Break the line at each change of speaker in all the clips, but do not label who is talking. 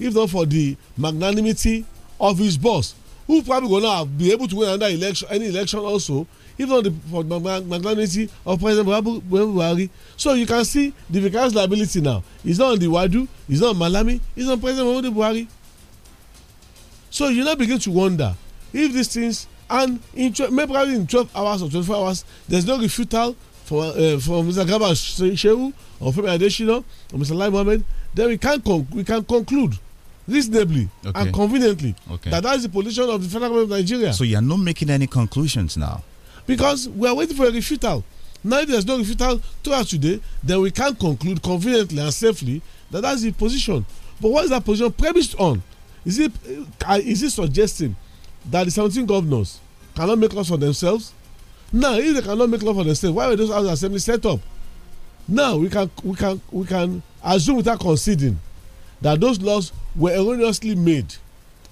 if not for the magnanimity
of his boss who probably go now be able to win another election any election also if not the, for the magnanimity of president buhari so you can see the vicarious liability now He's not on the wadu he's not on malami he's on president muhammadu buhari so you now begin to wonder if these things and in maybe probably in twelve hours or twenty-four hours there's no refutal from uh, from mr garba shehu or femi adesina or mr lai mohammed then we can we can conclude reasonably okay. and conveniently okay. that that is the position of the federal government of Nigeria. So
you are not making any conclusions now.
Because we are waiting for a refutal. Now, if there's no refutal to us today, then we can conclude conveniently and safely that that's the position. But what is that position premised on? Is it uh, is it suggesting that the 17 governors cannot make laws for themselves? Now, if they cannot make laws for themselves, why were those house assemblies set up? Now we can we can we can assume without conceding that those laws were erroneously made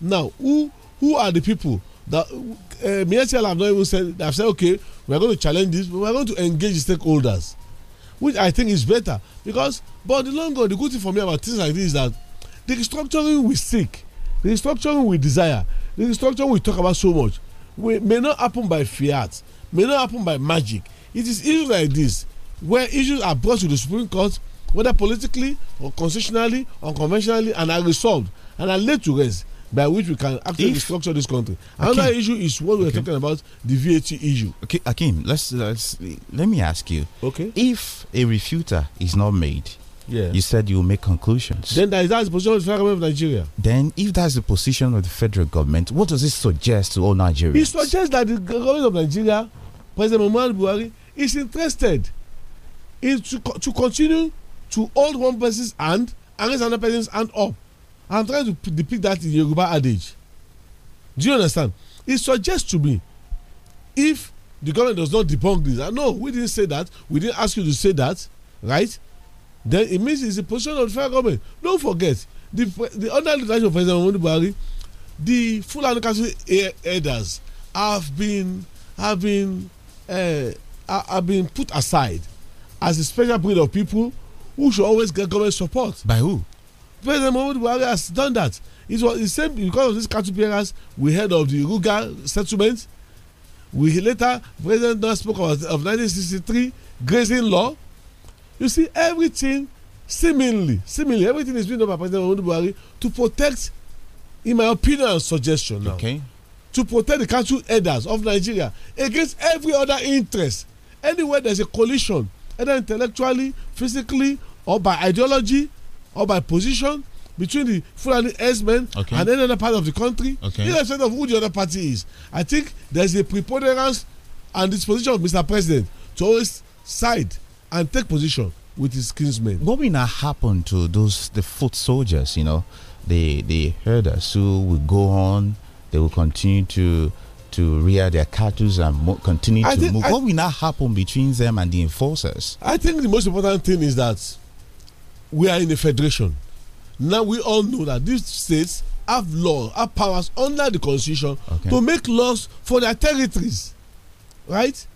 now who who are the people that uh, eh, Miyetel have not even said have said okay we are going to challenge this we are going to engage the stakeholders which I think is better because but the long run the good thing for me about things like this is that the restructuring we seek the restructuring we desire the restructuring we talk about so much we, may not happen by fiat may not happen by magic it is issues like this where issues are brought to the Supreme Court whether politically or constitutionally or conventionally, and are resolved and are laid to rest by
which we can actually if, structure this country. Another Akeem, issue is what we okay. talking about the VAT issue. Okay, Akim, let's, let's let me ask you. Okay, if a refuter is not made. Yeah. You said you will make conclusions. Then that is the position of the federal government of Nigeria. Then, if that's the position of the federal government, what does it suggest to all Nigerians? It
suggests that the government of Nigeria, President Muhammadu Buhari, is interested in to, to continue to hold one person's hand and raise another person's hand up i'm trying to depict that in yoruba adage do you understand it suggests to me if the government does not debunk this i know we didn't say that we didn't ask you to say that right then it means it's a position of the federal government don't forget the the under the leadership of president muhammadu buhari the and council elders have been have been uh, have been put aside as a special breed of people who should always get government support. By who? President Muhammadu Buhari has done that. It was the same because of these cattle clearance we heard of the Ruga settlement. We later President Don spoke of 1963 grazing law. You see everything seemingly seemingly everything is being done by President Muhammadu Buhari to protect in my opinion and suggestion now. Okay. To protect the cattle elders of Nigeria against every other interest anywhere there's a collision either intellectually physically or by ideology or by position between the Fulani herdsmen okay. and any other part of the country, okay. irrespective of who the other party is. I think there's a preponderance and disposition
of Mr. President to always side and take position with his kinsmen. What will now happen to those the foot soldiers? You know, the the herders who will go on. They will continue to to rear their cattle and continue I to move. I what will now happen between them and the enforcers? I think the most important thing is that
we are in a federation. Now we all know that these states have laws, have powers under the constitution okay. to make laws for their territories. Right?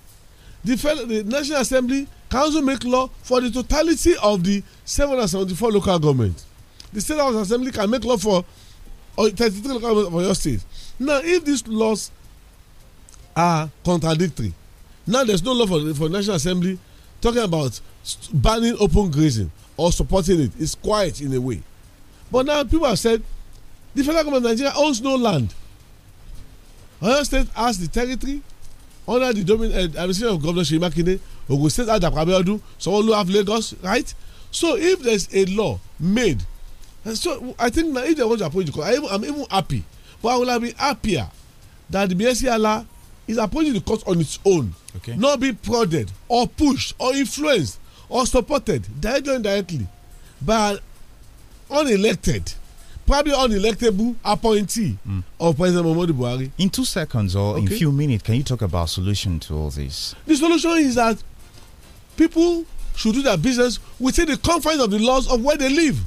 The, the National Assembly can also make law for the totality of the 774 local governments. The State House Assembly can make law for or 33 local governments for your state. Now, if these laws are contradictory, now there's no law for, for National Assembly talking about banning open grazing or supporting it. is quiet in a way. But now people have said the federal government of Nigeria owns no land. Oyo State has the territory under the domain uh, eh, administration of Governor Seyi Makinde. Ogun State has Dapò Abiodun. Sanwo-Olu have Lagos, right? So if there is a law made, and eh, so I think now if they want to approach the court, I even, I'm even happy. But I will be happier that the BSCLA e is approaching the court on its own, okay. not be prodded or pushed or influenced or supported directly or indirectly by unelected probably unelectable appointee
mm. of President Muhammadu Buhari. In two seconds or okay. in a few minutes, can you talk about solution to all this?
The solution is that people should do their business within the confines of the laws of where they live.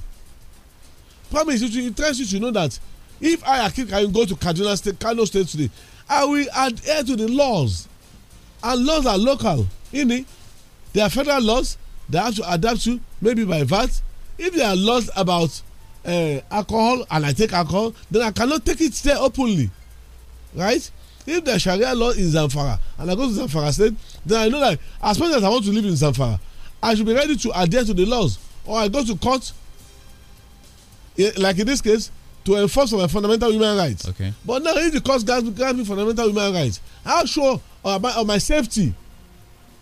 Promise you, it tells you to know that if I Akin can go to Kaduna State, Kano State today, I will adhere to the laws, and laws are local. You it, there are federal laws, they have to adapt to maybe by VAT if they are lost about uh, alcohol and I take alcohol then I cannot take it there openly right if the Sharia law in Zamfara and I go to Zamfara state then I know that as much as I want to live in Zamfara I should be ready to adhere to the laws or I go to court eh, like in this case to enforce my fundamental human rights. Okay. But now if the court grants grant me fundamental human rights, how sure of my, of my safety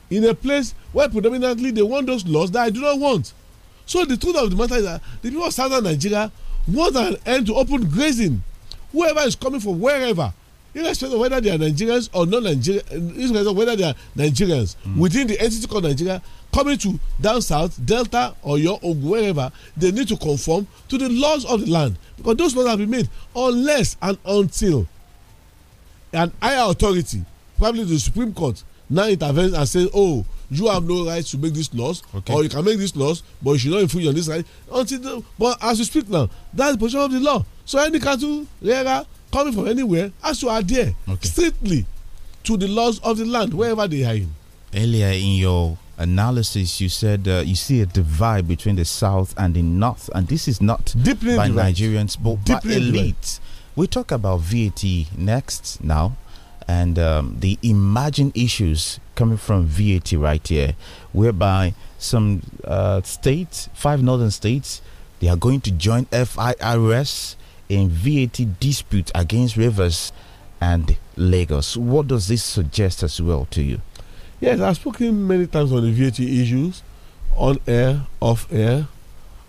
in a place Where predominantly they want those laws that I do not want. So the truth of the matter is that the people of southern Nigeria want an end to open grazing. Whoever is coming from wherever, irrespective of whether they are Nigerians or non Nigerians, irrespective of whether they are Nigerians mm. within the entity called Nigeria, coming to down south, Delta, or your or wherever, they need to conform to the laws of the land because those laws have been made unless and until an higher authority, probably the Supreme Court, now intervenes and says, oh, you have no right to make these laws okay. or you can make these laws but you should not infringe on this right until the, but as we speak now that's the position of the law so any cattle rearer coming from anywhere has to adhere okay. strictly to the laws of the land wherever they
are in. earlier in your analysis you said uh, you see a divide between the south and the north and this is not Deeply by nigerians but Deeply by elite we talk about vat next now and um, the emerging issues coming from VAT right here, whereby some uh, states, five northern states, they are going to join FIRS in VAT dispute against Rivers and Lagos. What does this suggest as well to you? Yes, I've spoken many times on the VAT issues, on air, off air,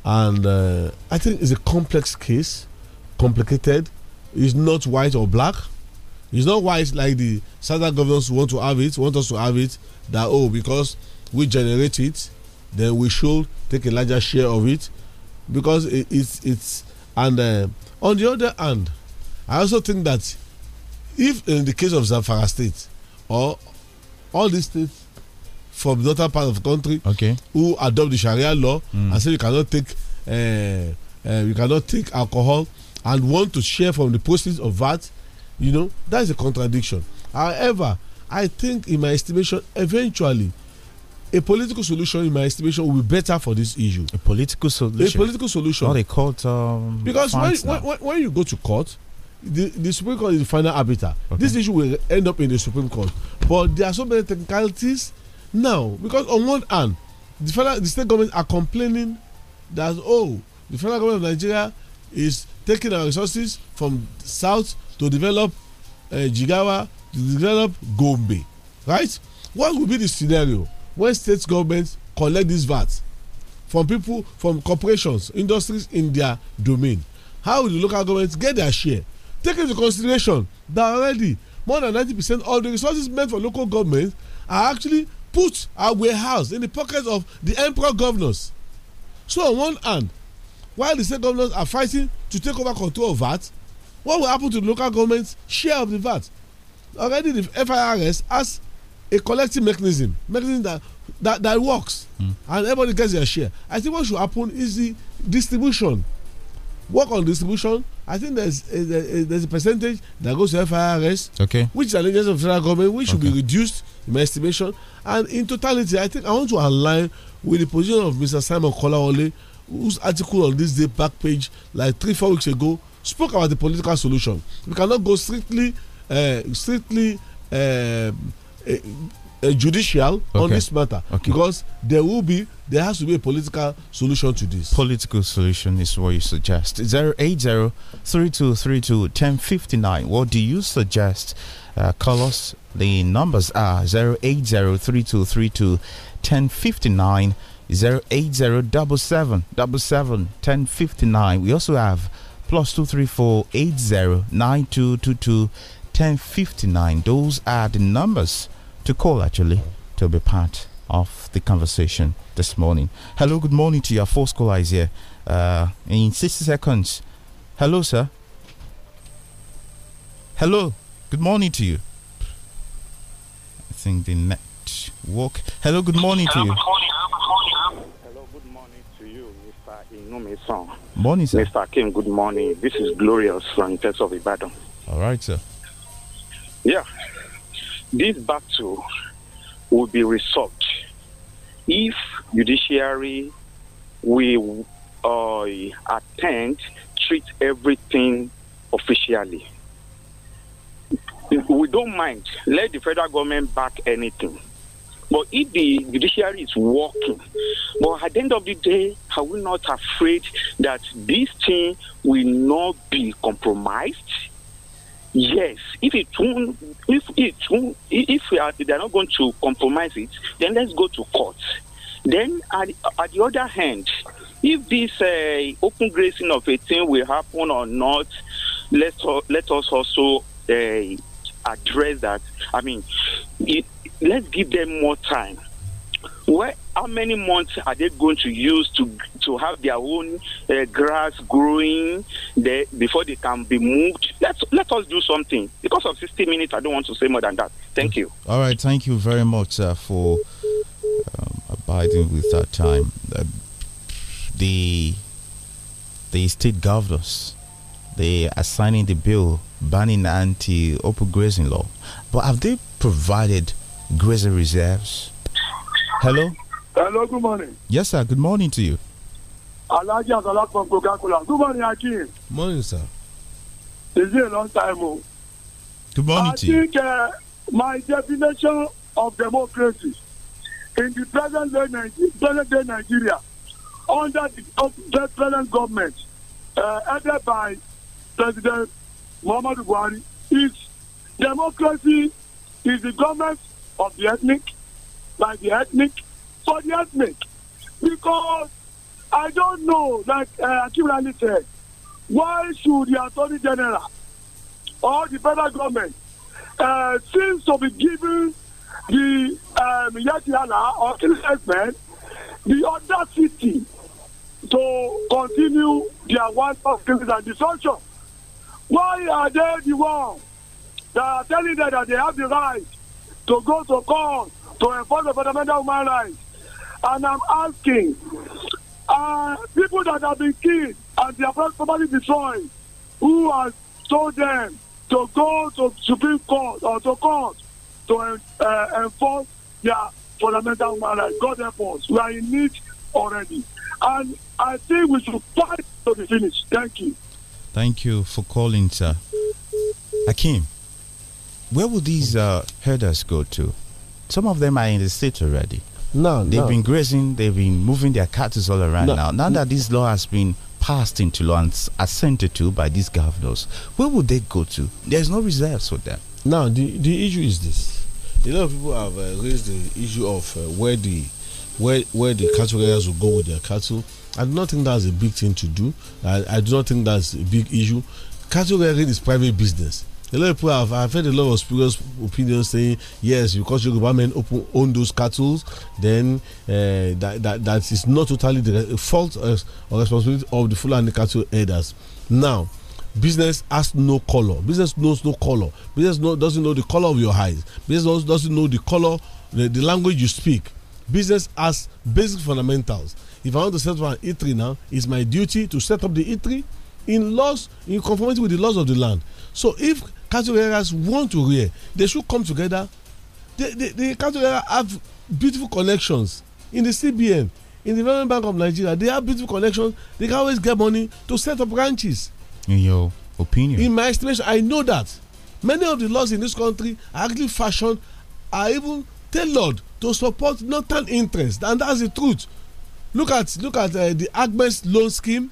and uh, I think it's a complex case, complicated. It's not white or black it's not why it's like the southern governors want to have it, want us to have it, that oh, because we generate it, then we should take a larger share of it. Because it, it's, it's, and uh, on the other hand, I also think that if in the case of Zamfara State or all these states from the northern part of the country okay. who adopt the Sharia law mm. and say you cannot take uh, uh, you cannot take alcohol and want to share from the proceeds of that, you know, that's a contradiction. However, I think, in my estimation, eventually, a political solution, in my estimation, will be better for this issue. A political solution. A political solution. Not a
court. Um,
because when, when, when, you go to court, the, the Supreme Court is the final arbiter. Okay. This issue will end up in the Supreme Court. But there are so many technicalities now because on one hand, the federal, the state government are complaining that oh, the federal government of Nigeria is taking our resources from south to develop uh, Jigawa, to develop Gombe, right? What would be the scenario when state governments collect these VAT from people, from corporations, industries in their domain? How will the local governments get their share? Take into consideration that already more than ninety percent of the resources meant for local governments are actually put our warehouse in the pockets of the emperor governors. So on one hand, while the state governors are fighting to take over control of VAT, What will happen to the local government's share of the VAT? Already the FIRS has a collective mechanism, mechanism that that, that works, mm. and everybody gets their share. I think what should happen is the distribution. Work on distribution. I think there's a, there's a percentage that goes to FIRS, okay. which is an agency of federal government, which okay. should be reduced in my estimation. And in totality, I think I want to align with the position of Mr. Simon Kolawole, whose article on this day back page, like three, four weeks ago, spoke about the political solution. We cannot go strictly, uh, strictly uh, uh,
judicial okay. on this matter okay. because there will be, there has to be a political solution to this. Political solution is what you suggest. 080 1059. What do you suggest? Uh, call us. The numbers are 080 1059 080 We also have plus 234 1059. Those are the numbers to call actually to be part of the conversation this morning. Hello, good morning to your first caller is here uh, in 60 seconds. Hello, sir. Hello, good morning to you. I think the network. Hello, good morning Hello, to you. Good
morning.
Morning, sir. Mr. Kim, good morning. This is Glorious from Test of Ibadan. All right, sir. Yeah. This battle will be resolved if judiciary will uh, attend, treat everything officially. We don't mind. Let the federal government back anything. But if the judiciary is working, but at the end of the day, are we not afraid that this thing will not be compromised? Yes, if it won't, if it won't, if we are, they are not going to compromise it, then let's go to court. Then, at, at the other hand, if this uh, open grazing of a thing will happen or not, let let us also uh, address that. I mean, it, let's give them more time. Where, how many months are they going to use to to have their own uh, grass growing there before they can be moved? Let's let us do something. Because of 60 minutes, I don't want to say more than that. Thank you.
All right, thank you very much uh, for um, abiding with that time. Uh, the the state governors they are signing the bill banning anti-open grazing law, but have they provided? grazing reserves. Hello?
Hello, good morning.
Yes, sir. Good morning to you.
Alhaji Azala from Coca-Cola. Good morning, Akin. Morning, sir. It's been a long time. Oh.
Good morning I to you. I
think uh, my definition of democracy in the present day, present day Nigeria under the present government uh, headed by President Muhammadu Buhari is democracy is the government of the ethnic, like the ethnic, for the ethnic. Because I don't know, like uh, Akimrani said, why should the Attorney General or the federal government uh, seems to be giving the um, Yatiala or Kilisman the audacity to continue their want of killings and destruction? Why are they the ones that are telling them that they have the right to go to court to enforce the fundamental human rights. And I'm asking uh, people that have been killed and their property destroyed, who has told them to go to Supreme Court or to court to uh, enforce their fundamental human rights? God help us. We are in need already. And I think we should fight to the finish. Thank you.
Thank you for calling, sir. Akim where will these uh, herders go to? Some of them are in the state already. No, they've no. been grazing. They've been moving their cattle all around no. now. Now that this law has been passed into law and assented to by these governors, where would they go to? There's no reserves for them. Now the the issue is this:
a lot of people have uh, raised the issue of uh, where the where where the cattle raiders will go with their cattle. I do not think that's a big thing to do. I, I do not think that's a big issue. Cattle herding is private business A lot of people have I've heard a lot of spurious opinions saying yes because Yoruba government open, own those cattle, then uh, that, that that is not totally the fault or responsibility of the Fulani cattle herders. Now, business has no color. Business knows no color. Business no, doesn't know the color of your eyes. Business doesn't know the color, the, the language you speak. Business has basic fundamentals. If I want to set up an eatery now, it's my duty to set up the eatery in laws in conformity with the laws of the land So if cattle want to rear, they should come together. The, the, the cattle have beautiful connections in the CBN, in the Development Bank of Nigeria. They have beautiful connections. They can always get money to set up branches.
In your opinion?
In my estimation, I know that many of the laws in this country are actually fashioned, are even tailored to support northern interests, and that's the truth. Look at look at uh, the Agnes loan scheme.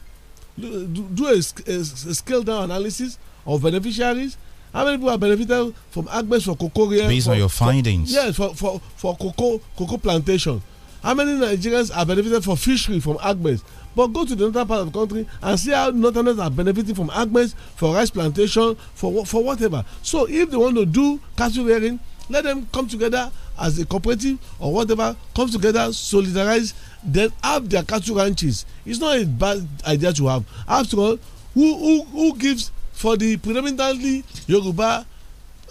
Do, do a, a, a scale down analysis of beneficiaries how many people are benefited from agbe's for cocoa rear based for, on your findings for, yes for for for cocoa cocoa plantation how many nigerians are benefited for fishery from agbe's but go to the northern part of the country and see how northerners are benefiting from agbe's for rice plantation for for whatever so if they want to do cattle rearing let them come together as a cooperative or whatever come together solidarize then have their cattle ranches it's not a bad idea to have after all who who who gives for the predominantly Yoruba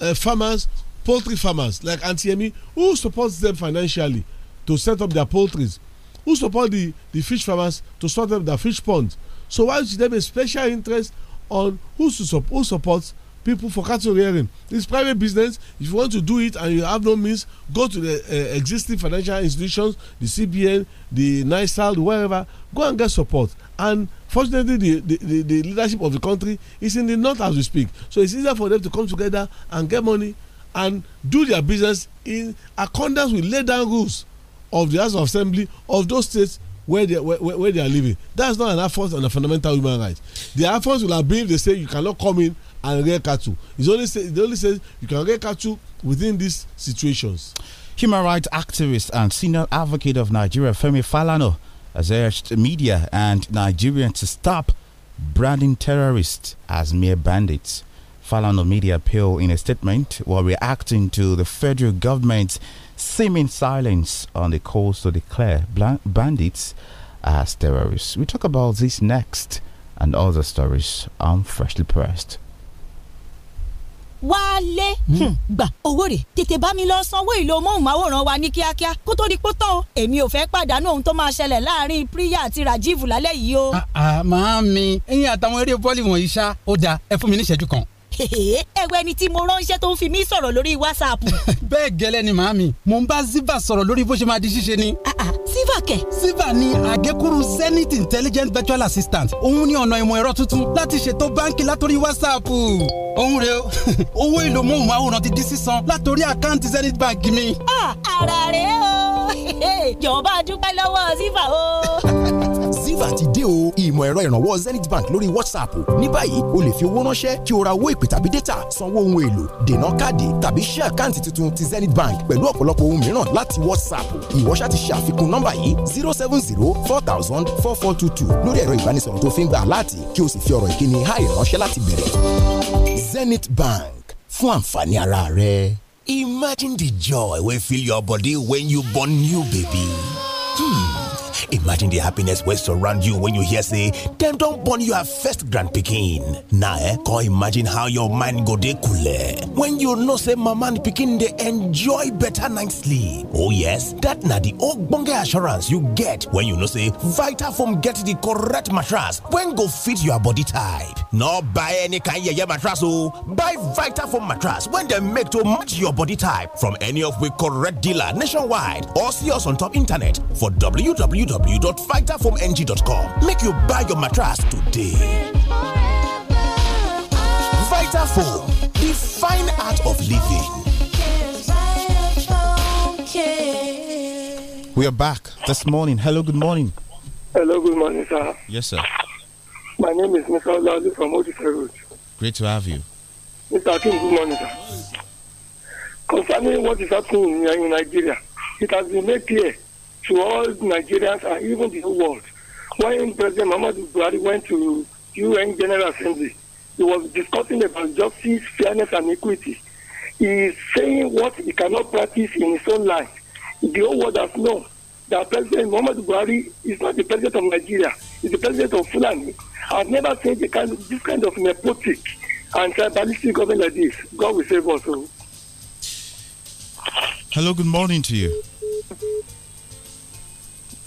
uh, farmers poultry farmers like Auntie Emi who supports them financially to set up their poultries who support the the fish farmers to set up their fish ponds so why should there be special interest on who support who supports people for cattle rearing it's private business if you want to do it and you have no means go to the uh, existing financial institutions the cbn the nisal wherever go and get support and fortunately the, the, the, the leadership of the country is in the north as we speak so it's easier for them to come together and get money and do their business in accordance with laid down rules of the house of assembly of those states where they where, where they are living that's not an affront on a fundamental human right the affront will have been if they say you cannot come in and rear cattle
It's only say it only says you can rear cattle within these situations. human rights activist and senior advocate of nigeria femi falana has urged media and Nigerians to stop branding terrorists as mere bandits. Falano Media appeal in a statement while reacting to the federal government's seeming silence on the calls to declare bandits as terrorists. We talk about this next and other stories on Freshly Pressed.
wálé hmm. Hmm, gbà owó rẹ̀ tètè bá mi lọ sanwó ìlò móhùnmáwòrán wa ní kíákíá kó tó di pótó èmi ò fẹ́ pàdánù ohun tó máa ṣẹlẹ̀ láàrin Priya àti Rajiv lálẹ́ yìí o. Ah,
ah, màámi ẹ̀yin àtàwọn eré bọ́ọ̀lì wọ̀nyí ṣá ó dáa ẹ fún mi ní ìṣẹ́jú kan
ẹ̀wẹ̀ ẹni tí mo ránṣẹ́ tó ń fi mí sọ̀rọ̀ lórí WhatsApp.
bẹ́ẹ̀ gẹ́lẹ́ ni màámi mo ń bá ziva
sọ̀rọ̀ lórí bó ṣe máa di ṣíṣe ni. Ah, ah, ziva kẹ̀. ziva ni àgékúrú zenith intelligent
virtual assistant òun ni ọ̀nà ìmọ̀ ẹ̀rọ tuntun láti ṣètò báńkì látòrí WhatsApp. òun rè o owó èlò móhùnmáwòrán ti di sísan látòrí àkáǹtì zenith bank mi. àrà ah,
rèé o jọ̀ọ́ bá dúpẹ́ ziva o.
Viva ti dé
o ìmọ̀ ẹ̀rọ ìrànwọ́ Zenith Bank lórí WhatsApp ní báyìí o lè fi owó ránṣẹ́ kí o ra owó ìpè tàbí data
sanwó ohun èlò dènà káàdì tàbí ṣí àkáǹtì tuntun ti Zenith Bank pẹ̀lú ọ̀pọ̀lọpọ̀ ohun mìíràn láti WhatsApp ìwọ ṣá ti ṣàfikún nọ́mbà yìí zero seven zero four thousand four four two two lórí
ẹ̀rọ ìbánisọ̀rọ̀ tó fi ń gbà láti kí o sì fi ọ̀rọ̀ ìkíni háì ránṣẹ́ láti bẹ̀rẹ̀ Zenith Bank fún àǹfààní ara rẹ. Imagine the joy wey fill your body when you born new baby. Hmm. Imagine the happiness wey surround you when you hear say dem don born your first grand picking. Na eh, come imagine how your mind go de coole when you know say mama and pikin they enjoy better night sleep. Oh yes, that na the ogbonge assurance you get when you know say Vitafoam get the correct mattress when go fit your body type. Not buy any kind yeye mattress oh, buy Vitafoam mattress when they make to match your body type from any of we correct dealer nationwide or see us on top internet for www www.vitafoamng.com. Make you buy your mattress today. Vitafoam, the fine art of living.
We are back this morning. Hello, good morning.
Hello, good morning, sir. Yes, sir. My name is Mr. Olalu from Odisa Road.
Great to have you.
Mr. King. good morning, sir. Concerning what is happening in Nigeria, it has been made clear to all Nigerians and even the whole world. When President Muhammadu Buhari went to UN General Assembly, he was discussing about justice, fairness, and equity. He is saying what he cannot practice in his own life. The whole world has known that President Muhammadu Buhari is not the president of Nigeria, he's the president of Fulani. I've never seen the kind, this kind of nepotic and tribalistic government like this. God will save us all. Oh.
Hello, good morning to you.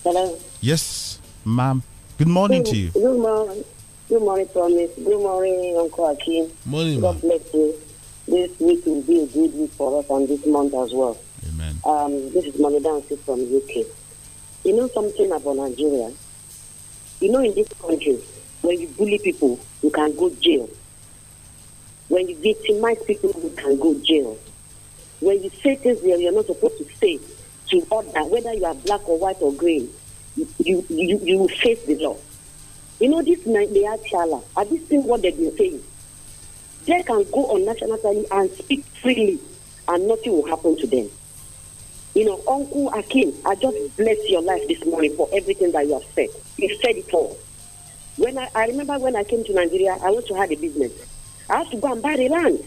Hello. Yes, ma'am. Good morning good, to you.
Good morning. Good morning, Promise. Good morning, Uncle Good Morning, God bless you. This week will be a good week for us and this month as well. Amen. Um, this is Dancy from UK. You know something about Nigeria? You know, in this country, when you bully people, you can go jail. When you victimize people, you can go jail. When you say things that you're not supposed to say, to order, whether you are black or white or green, you, you, you, will face the law. You know, this are Chala, have you seen what they've been saying? They can go on national TV and speak freely, and nothing will happen to them. You know, Uncle Akin, I just bless your life this morning for everything that you have said. You said it all. When I, I remember when I came to Nigeria, I also had a business. I had to go and buy the land,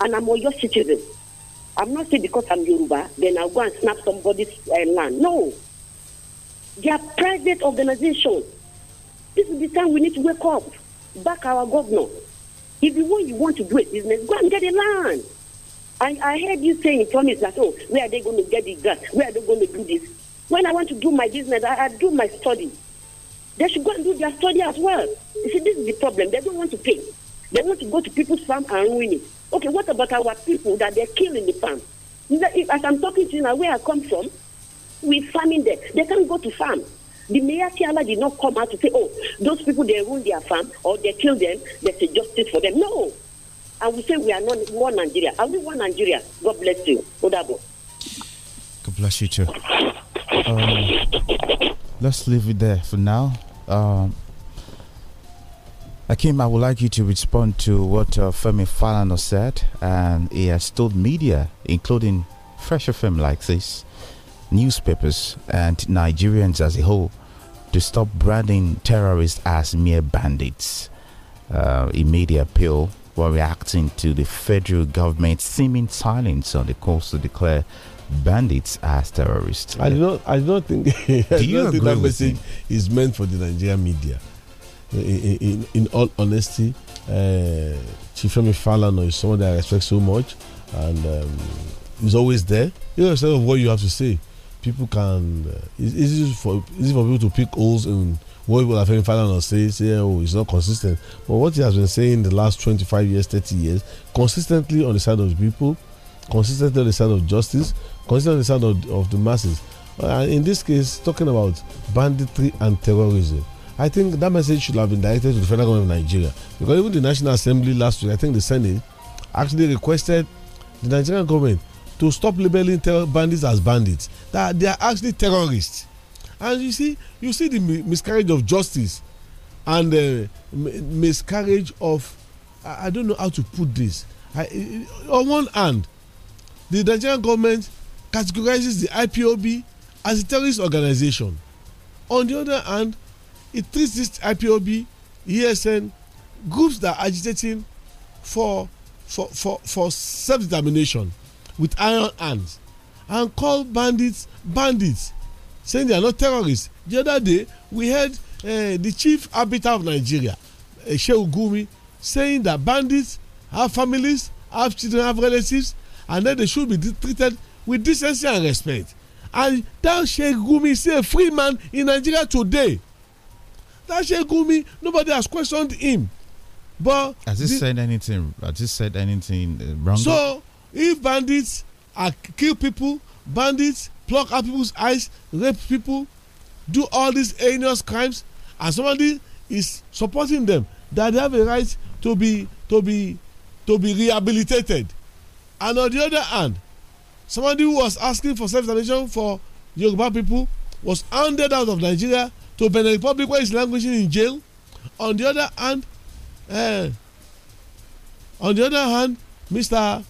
and I'm a your citizen. I'm not saying because I'm Yoruba, then I'll go and snap somebody's uh, land. No. They are private organizations. This is the time we need to wake up, back our governor. If you want, you want to do a business, go and get a land. I, I heard you saying promise that, oh, where are they going to get the gas? Where are they going to do this? When I want to do my business, I, I do my study. They should go and do their study as well. You see, this is the problem. They don't want to pay. They want to go to people's farm and ruin it. Okay, what about our people that they're killing the farm? If, as I'm talking to you now, where I come from, we farming there. They can't go to farm. The mayor Kiala did not come out to say, oh, those people, they ruin their farm or they kill them, there's a justice for them. No. I will say we are not one Nigeria. Are we one Nigeria? God bless you. Odabo.
God bless you too. Um, let's leave it there for now. Um, Akim, I would like you to respond to what uh, Femi Falano said, and he has told media, including Fresh FM like this, newspapers, and Nigerians as a whole, to stop branding terrorists as mere bandits. Uh, media appeal while reacting to the federal government's seeming silence on the calls to declare bandits as terrorists. I
don't, I don't think, I Do you don't agree that message with me? is meant for the Nigerian media in, in, all honesty, uh, Femi Falano is someone that I respect so much, and um, he's always there, Instead of what you have to say. People can uh, it's easy for easy for people to pick holes in what people have heard Falano say. oh, it's not consistent. But what he has been saying the last 25 years, 30 years, consistently on the side of the people, consistently on the side of justice, consistently on the side of, of the masses. Uh, in this case, talking about banditry and terrorism I think that message should have been directed to the federal government of Nigeria. Because even the National Assembly last week, I think the Senate actually requested the Nigerian government to stop labeling bandits as bandits. That they are actually terrorists. And you see, you see the miscarriage of justice and the uh, miscarriage of I don't know how to put this. I, on one hand, the Nigerian government categorizes the IPOB as a terrorist organization. On the other hand, it treats this IPOB, ESN, groups that are agitating for for for for self-determination with iron hands and call bandits bandits saying they are not terrorists the other day we heard uh, the chief arbiter of nigeria uh, shehu gumi saying that bandits have families have children have relatives and that they should be treated with decency and respect and that shehu gumi is a free man in nigeria today Tashe Gumi, nobody has questioned him. But has he the,
said anything? Has he said anything uh, wrong? So
if bandits are kill people, bandits pluck out people's eyes, rape people, do all these heinous crimes, and somebody is supporting them, that they have a right to be to be to be rehabilitated. And on the other hand, somebody who was asking for self-determination for Yoruba people was hounded out of Nigeria to Benin Republic where is languishing in jail. On the other hand, uh, on the other hand, Mr.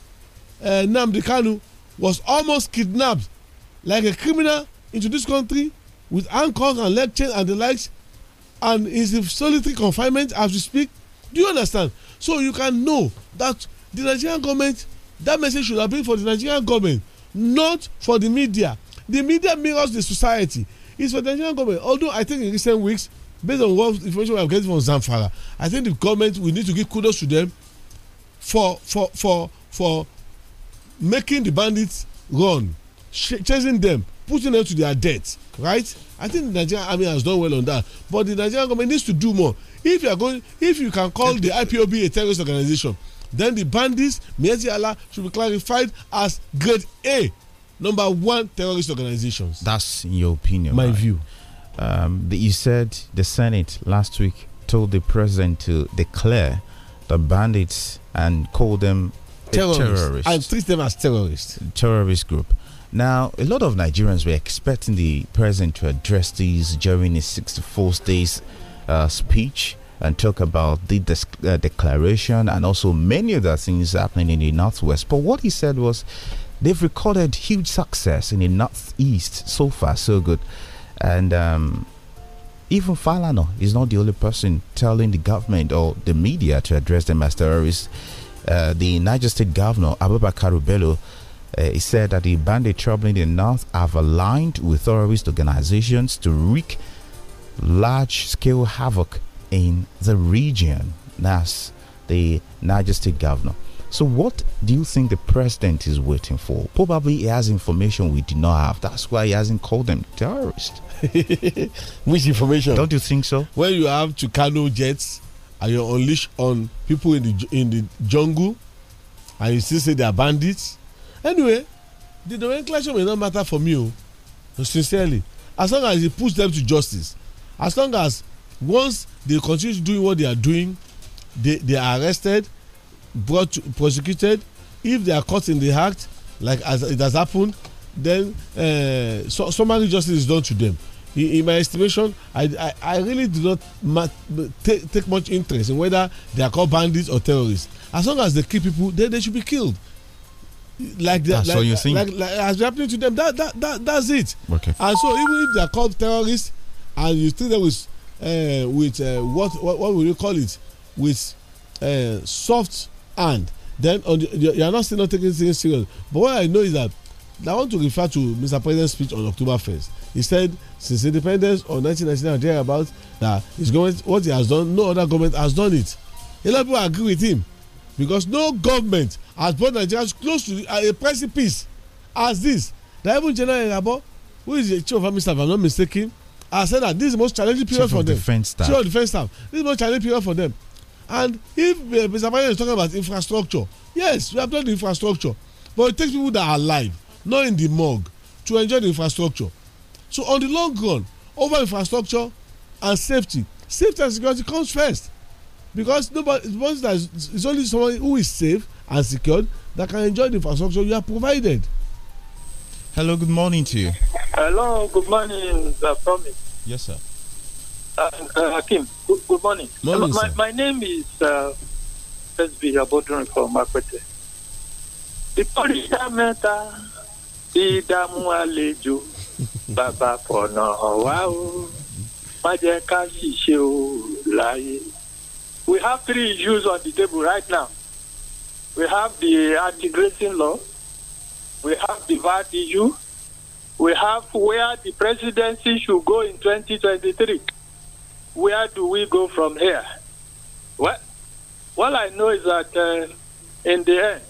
Uh, eh, Kanu was almost kidnapped like a criminal into this country with handcuffs and leg chains and the likes and is in solitary confinement as we speak. Do you understand? So you can know that the Nigerian government, that message should have been for the Nigerian government, not for the media. The media mirrors the society is for the Nigerian government. Although I think in recent weeks, based on what information we have getting from Zamfara, I think the government we need to give kudos to them for for for for making the bandits run, chasing them, putting them to their death. Right? I think the Nigerian army has done well on that, but the Nigerian government needs to do more. If you are going, if you can call the IPOB a terrorist organization, then the bandits, Mezi Allah, should be classified as Grade A Number one terrorist
organizations. That's in your opinion. My right? view. Um, the, you said the Senate last week told the president to declare the bandits and call them terrorists, terrorist. and treat them as terrorists. Terrorist group. Now, a lot of Nigerians were expecting the president to address these during his sixty-fourth days uh, speech and talk about the uh, declaration and also many other things happening in the Northwest. But what he said was They've recorded huge success in the Northeast so far, so good. And um, even Falano is not the only person telling the government or the media to address them as terrorists. Uh, the Niger State Governor, Abubakar Rubello, uh, said that the bandit troubling the north have aligned with terrorist organizations to wreak large scale havoc in the region. That's the Niger State Governor. So, what do you think the president is waiting for? Probably he has information we do not have. That's why he hasn't called them terrorists. Which information? Don't you think so? When you have
Chicano jets and you unleash on people in the in the jungle, and you still say they are bandits. Anyway, the nomenclature may not matter for me, oh. sincerely. As long as he puts them to justice, as long as once they continue doing what they are doing, they they are arrested brought prosecuted if they are caught in the act like as it has happened then uh, so, summary justice is done to them in, in my estimation I, I, I really do not take, take much interest in whether they are called bandits or terrorists as long as they kill people they, they should be killed like that, that's like, you think like, like, like happening to them that, that that that's it okay and so even if they are called terrorists and you treat them with uh, with uh, what, what what will you call it with uh, soft and then the, you are not still not taking things serious. But what I know is that I want to refer to Mr. President's speech on October 1st. He said since independence or 1999 about that his government what he has done no other government has done it. A lot of people agree with him because no government has brought Nigeria close to uh, a precipice as this. The even General Irabo, who is the chief of army staff, if I'm not mistaken, has said that this is the most challenging period chief for them. Defense staff. Chief of defense staff. This is the most challenging period for them and if uh, eh, mr mayor is talking about infrastructure yes we have done the infrastructure but it takes people that are alive not in the morgue to enjoy the infrastructure so on the long run over infrastructure and safety safety and security comes first because nobody once that it's only someone who is safe and secured that can enjoy the infrastructure you have provided.
hello good morning to you.
hello good morning sir promise. yes sir. Uh, uh, Hakim, good, good, morning. morning my, my, name is uh, SB Abodron from Akwete. Ìpọ́lísà bàbá We have three issues on the table right now. We have the anti-grazing law. We have the VAT issue. We have where the presidency should go in 2023 where do we go from here? Well, what I know is that uh, in the end,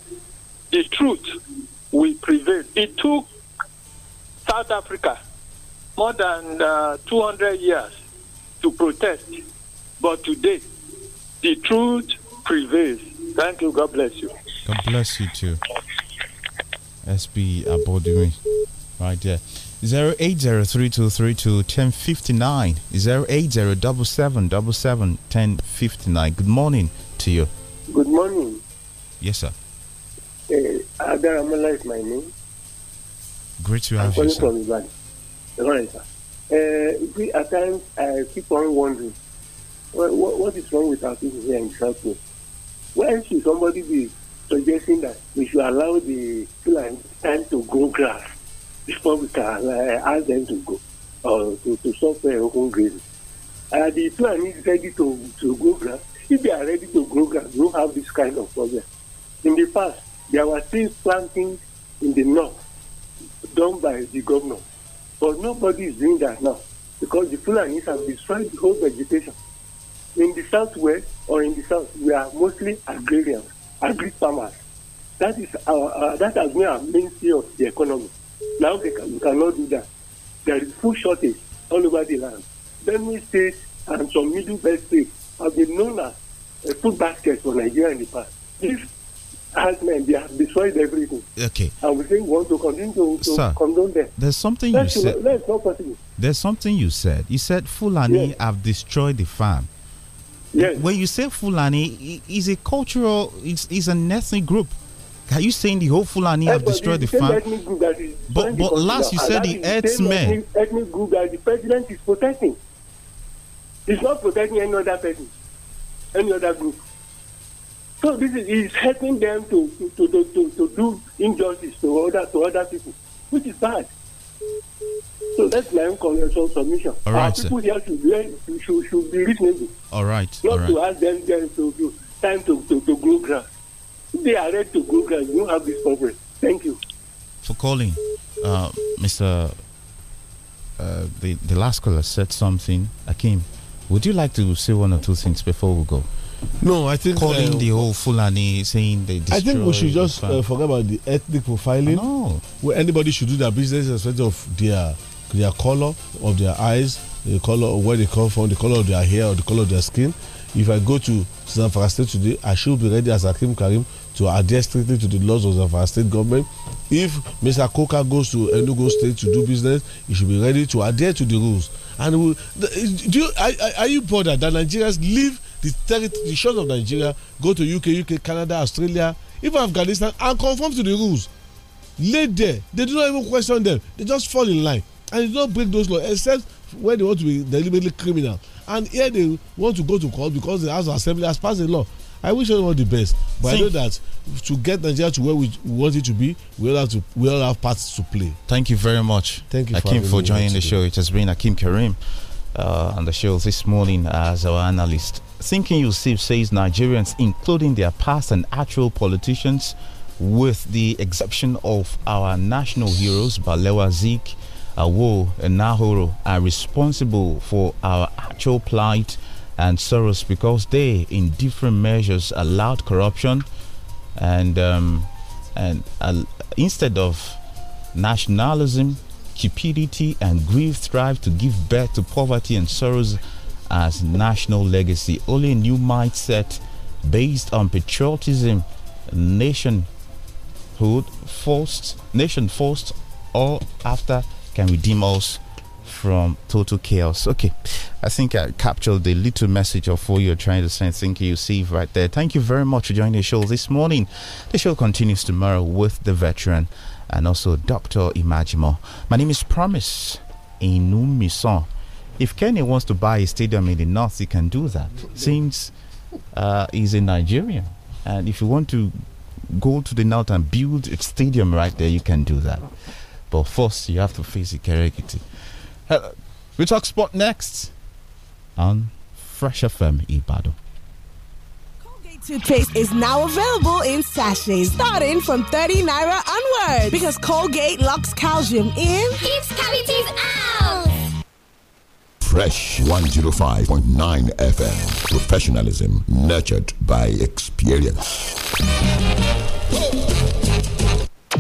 the truth will prevail. It took South Africa more than uh, 200 years to protest, but today, the truth prevails. Thank you. God bless you.
God bless you too. SB Abodumi, right there. Zero eight zero three two three two ten fifty nine zero eight zero double seven double seven ten fifty nine. good morning to you good morning yes sir
uh, eh, Adaramola is my name
great to have I'm you sir. From
right, sir. Uh, at times I keep on wondering what, what, what is wrong with our people here in Southwest why should somebody be suggesting that we should allow the plant time to grow grass before we can uh, ask them to go or uh, to, to stop their own And uh, the plan is ready to, to grow If they are ready to grow grass, we don't have this kind of problem. In the past, there were trees planting in the north done by the governor. But nobody is doing that now because the Fulanis have destroyed the whole vegetation. In the southwest or in the south, we are mostly agrarians, agri farmers. That is our, uh, that has been our mainstay of the economy. Now can, we cannot do that. There is food shortage all over the land. Benue State and some middle belt states have been known as a food basket for Nigeria in the past. This has meant they have destroyed everything. Okay. And we think we want to continue to, to Sir, condone them.
There's something you said.
That's not possible.
There's something you said. You said Fulani yes. have destroyed the farm. Yes. When you say Fulani, is a cultural, it's, it's an ethnic group have you saying the whole Fulani have destroyed the farm?
But, but last you said the herdsmen. Ethnic group that the president is protecting. He's not protecting any other person, any other group. So this is he's helping them to to, to, to, to, do injustice to other to other people, which is bad. So that's my own conventional submission. All right, Our people sir. here should learn should, should be reasonable.
All right. Not all right. to
ask them, them to, to time to, to, to grow grass. They are ready to go you have this problem. Thank you.
For calling, uh, Mr. Uh, the, the last caller said something. Akim, would you like to say one or two things before we go? No, I think calling uh, the whole Fulani saying they. I think we should just uh, forget about the ethnic profiling.
No, where anybody should do their business instead of their their color of their eyes, the color of where they come from, the color of their hair, or the color of their skin. If I go to South Africa today, I should be ready as Akim Karim to adhere strictly to the laws of our state government. If Mr. Coker goes to Enugu State to do business, he should be ready to adhere to the rules. And we, do you, are, are you bothered that Nigerians leave the territory, the shores of Nigeria, go to UK, UK, Canada, Australia, even Afghanistan, and conform to the rules? Lay there, they do not even question them. They just fall in line and they don't break those laws except where they want to be deliberately criminal. And here they want to go to court because the House of Assembly has passed a law I wish everyone the best, but I know that to get Nigeria to where we want it to be, we all have to we all have parts to play. Thank you very much. Thank you, Akim, for, for joining the show.
It has been Akim Karim uh, on the show this morning as our analyst. Thinking Yusuf says Nigerians, including their past and actual politicians, with the exception of our national heroes Balewa Zeke, Awo, and Nahoro, are responsible for our actual plight and Soros because they, in different measures, allowed corruption and um, and uh, instead of nationalism, cupidity, and greed strive to give birth to poverty and sorrows as national legacy. Only a new mindset based on patriotism, nationhood, forced nation forced, or after can redeem us from total chaos. Okay, I think I captured the little message of what you're trying to send. Thank you, Steve, right there. Thank you very much for joining the show this morning. The show continues tomorrow with the veteran and also Dr. Imajimo. My name is Promise Inumison. If Kenny wants to buy a stadium in the north, he can do that since uh, he's in Nigeria. And if you want to go to the north and build a stadium right there, you can do that. But first, you have to face the character. We talk sport next on Fresh FM Ibado.
Colgate toothpaste is now available in sachets, starting from 30 naira onward. Because Colgate locks calcium in, keeps cavities
out.
Fresh 105.9 FM. Professionalism nurtured by experience.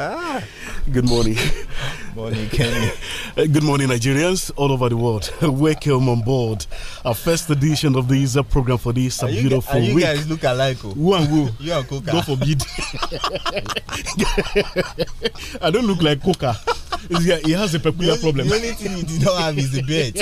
Ah. Good morning. Morning, Kenny. Uh, good morning, Nigerians all over the world. Welcome on board. Our first edition of the uh, program for this uh, are beautiful you, are week. You guys look alike. Oh. Who and who? You and Coca. God forbid. I don't look like Coca yeah, he has a peculiar the problem. The only thing he did not have is the bed.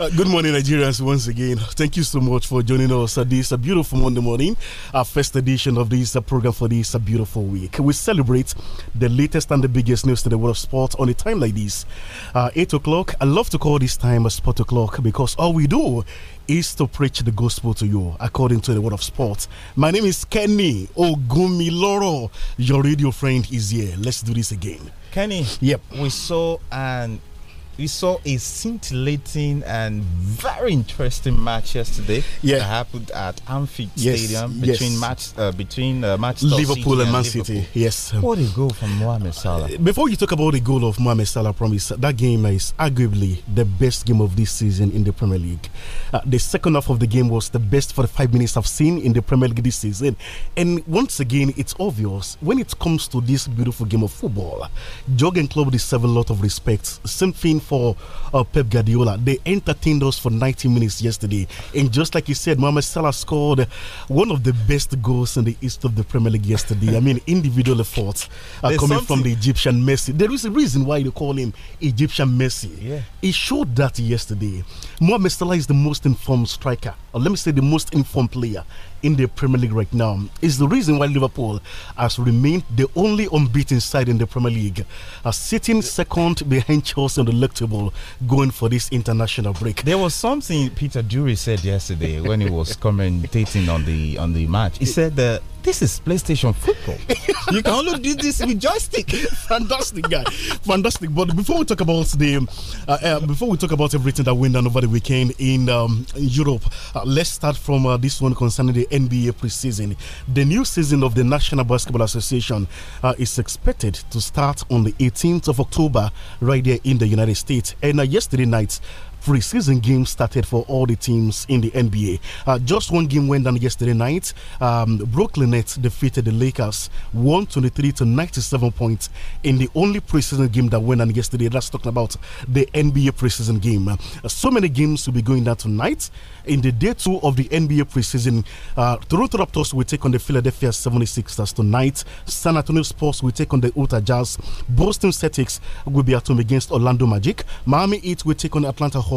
uh, good morning, Nigerians, once again. Thank you so much for joining us. Uh, this a beautiful Monday morning, our first edition of this uh, program for this beautiful week. We celebrate the latest and the biggest news to the world of sport on a time like this. Uh, 8 o'clock, I love to call this time a sport o'clock because all we do is to preach the gospel to you according to the word of sports. My name is Kenny Ogumiloro. Your radio friend is here. Let's do this again.
Kenny. Yep. We saw an we saw a scintillating and very interesting match yesterday yeah. that happened at Anfield yes, Stadium between yes. match uh, between uh, match Liverpool City and, Man Liverpool. City.
Yes, what a goal from Mohamed Salah! Uh, before you talk about the goal of Mohamed Salah, promise that game is arguably the best game of this season in the Premier League. Uh, the second half of the game was the best for the five minutes I've seen in the Premier League this season, and once again, it's obvious when it comes to this beautiful game of football. Jurgen Klopp deserves a lot of respect. Same thing for uh, Pep Guardiola. They entertained us for 90 minutes yesterday. And just like you said, Mohamed Salah scored one of the best goals in the east of the Premier League yesterday. I mean, individual efforts are uh, coming something. from the Egyptian Messi. There is a reason why they call him Egyptian Messi. Yeah. He showed that yesterday. Mohamed Salah is the most informed striker, or let me say the most informed player in the Premier League right now is the reason why Liverpool has remained the only unbeaten side in the Premier League, uh, sitting second behind Chelsea on the table going for this international break. There was something Peter Dury said
yesterday when he was commentating on the on the match. He said that this is PlayStation football.
you can only do this with joystick. Fantastic guy, fantastic. But before we talk about the, uh, uh, before we talk about everything that went down over the weekend in, um, Europe, uh, let's start from uh, this one concerning the NBA preseason. The new season of the National Basketball Association uh, is expected to start on the 18th of October, right there in the United States. And uh, yesterday night, preseason games started for all the teams in the NBA. Uh, just one game went down yesterday night. Um, Brooklyn Nets defeated the Lakers 123 to 97 points in the only preseason game that went down yesterday. That's talking about the NBA preseason game. Uh, so many games will be going down tonight in the day two of the NBA preseason. Uh, Toronto Raptors will take on the Philadelphia 76ers tonight. San Antonio Spurs will take on the Utah Jazz. Boston Celtics will be at home against Orlando Magic. Miami Heat will take on Atlanta Hawks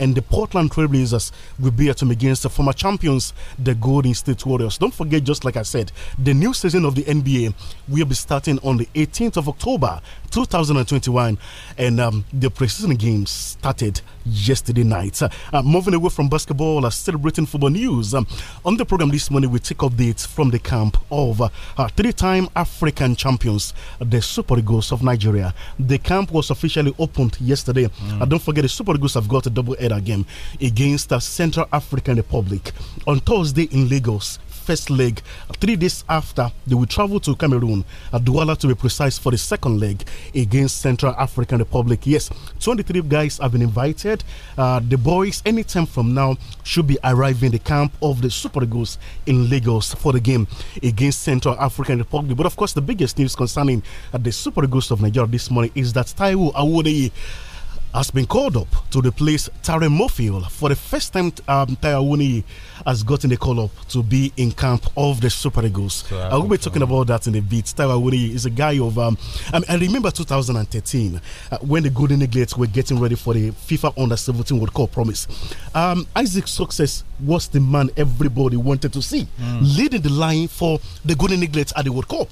and the Portland Trailblazers will be at home against the former champions, the Golden State Warriors. Don't forget, just like I said, the new season of the NBA will be starting on the 18th of October 2021, and um, the preseason games started yesterday night. Uh, uh, moving away from basketball, uh, celebrating football news. Um, on the program this morning, we take updates from the camp of uh, three time African champions, the Super Eagles of Nigeria. The camp was officially opened yesterday. Mm. Uh, don't forget, the Super Eagles have got a double header game against the uh, Central African Republic on Thursday in Lagos first leg. Three days after, they will travel to Cameroon, at Douala to be precise, for the second leg against Central African Republic. Yes, 23 guys have been invited. Uh, the boys, anytime from now, should be arriving the camp of the Super Eagles in Lagos for the game against Central African Republic. But of course, the biggest news concerning uh, the Super Eagles of Nigeria this morning is that Taiwo Awodeyi has been called up to replace Tarek Mofield for the first time. Um, has gotten the call up to be in camp of the Super Eagles. So I uh, will be talking about that in a bit. Taiwani is a guy of um, I, um, mean, I remember 2013 uh, when the Golden Eagles were getting ready for the FIFA Under 17 World Cup promise. Um, Isaac's success was the man everybody wanted to see, mm. leading the line for the Golden Eagles at the World Cup.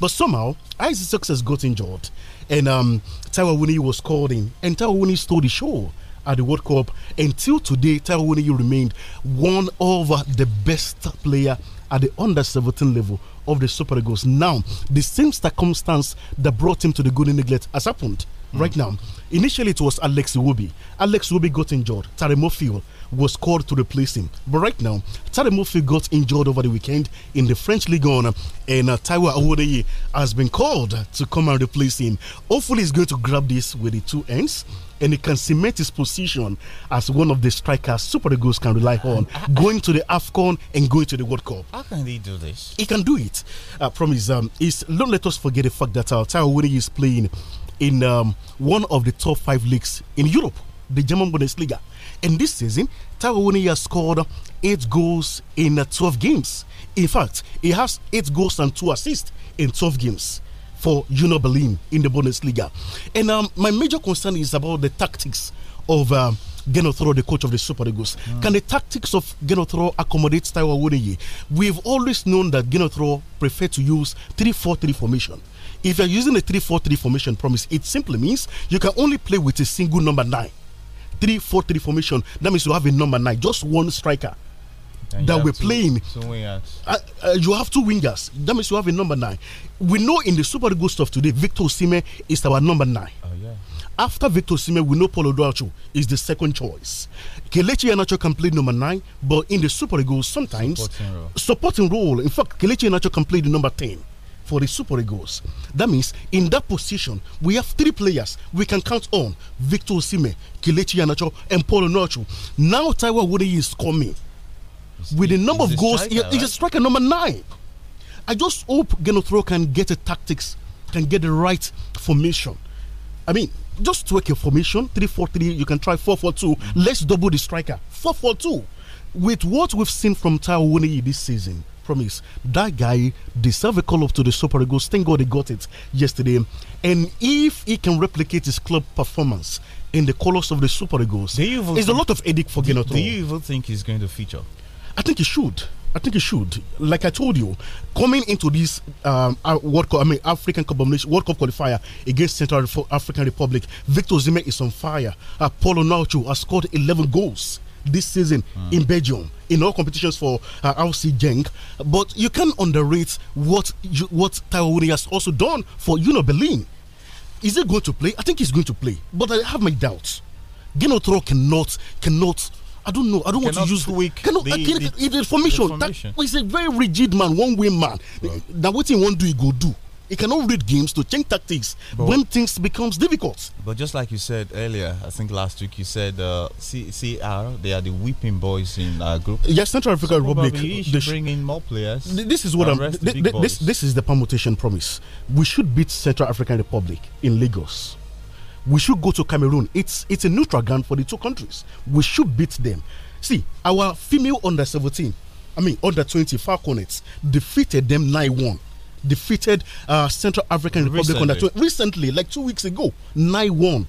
But somehow, Isaac Success got injured, and um, Taiwo was called in, and Taiwo Winnie stole the show at the World Cup. Until today, Taiwo Winnie remained one of the best player at the under 17 level of the Super Eagles. Now, the same circumstance that brought him to the golden neglect has happened mm. right now. Initially, it was Alex Iwobi. Alex Iwobi got injured. Taremo Field was called to replace him. But right now, Tade Murphy got injured over the weekend in the French League on, and uh, Taiwa has been called to come and replace him. Hopefully, he's going to grab this with the two ends and he can cement his position as one of the strikers Super Eagles can rely on going to the AFCON and going to the World Cup. How
can he do this?
He can do it. I promise. Um, is don't let us forget the fact that uh, Taiwo Winnie is playing in um, one of the top five leagues in Europe, the German Bundesliga. In this season, Tarawuni has scored eight goals in 12 games. In fact, he has eight goals and two assists in 12 games for Juno Berlin in the Bundesliga. And um, my major concern is about the tactics of. Um, Genotro, the coach of the Super Eagles. Mm. Can the tactics of Genotro accommodate Taiwo We've always known that Genotro prefer to use 3-4-3 formation. If you're using a 3-4-3 formation, promise, it simply means you can only play with a single number 9 three four three formation. That means you have a number nine, just one striker. And that we're playing. Two uh, uh, you have two wingers. That means you have a number nine. We know in the Super good stuff today, Victor Sime is our number nine. Oh, yeah. After Victor Sime, we know Paulo Duacho is the second choice. Kelechi Anacho can play number nine, but in the Super Eagles, sometimes supporting role. Supporting role. In fact, Kelechi Anacho can play the number ten for the Super Eagles. That means in that position, we have three players we can count on Victor Sima, Kelechi Yanacho, and Paulo Nocho. Now Taiwo Woody is coming. With the, number of goals, striker, he, right? he's a striker number nine. I just hope Genotro can get the tactics, can get the right formation. I mean, just tweak your formation 3 4 3, you can try 4 4 2. Mm Let's double the striker 4 4 2. With what we've seen from Taiwo Taiwan this season, promise. That guy deserve a call up to the Super Eagles. Thank God he got it yesterday. And if he can replicate his club performance in the colors of the Super Eagles, there's a lot of edict for Gennaro. Do you
even think he's going to feature?
I think he should. I think he should. Like I told you, coming into this um, uh, World Cup, I mean African Cup World Cup qualifier against Central African Republic, Victor Zimmer is on fire. Apollo uh, Paulo has scored 11 goals this season mm. in Belgium in all competitions for uh, RC Genk. But you can underrate what you, what Taori has also done for you know Berlin. Is he going to play? I think he's going to play, but I have my doubts. Genotro cannot cannot I don't know. I don't want to use tweak cannot, the, can, the, the, formation. the formation. That is a very rigid man, one way man. Right. Now what he won't do, he go do. He cannot read games to change tactics but when things becomes difficult.
But just like you said earlier, I think last week you said uh, CR they are the whipping boys in our group. Yes, Central African so Republic. They should bring
in more players. This is what I'm. this this is the permutation promise. We should beat Central African Republic in Lagos we should go to Cameroon. It's it's a neutral ground for the two countries. We should beat them. See, our female under 17, I mean under 20 Falconets defeated them 9-1 defeated uh, Central African Republic recently. under recently, like two weeks ago, 9 1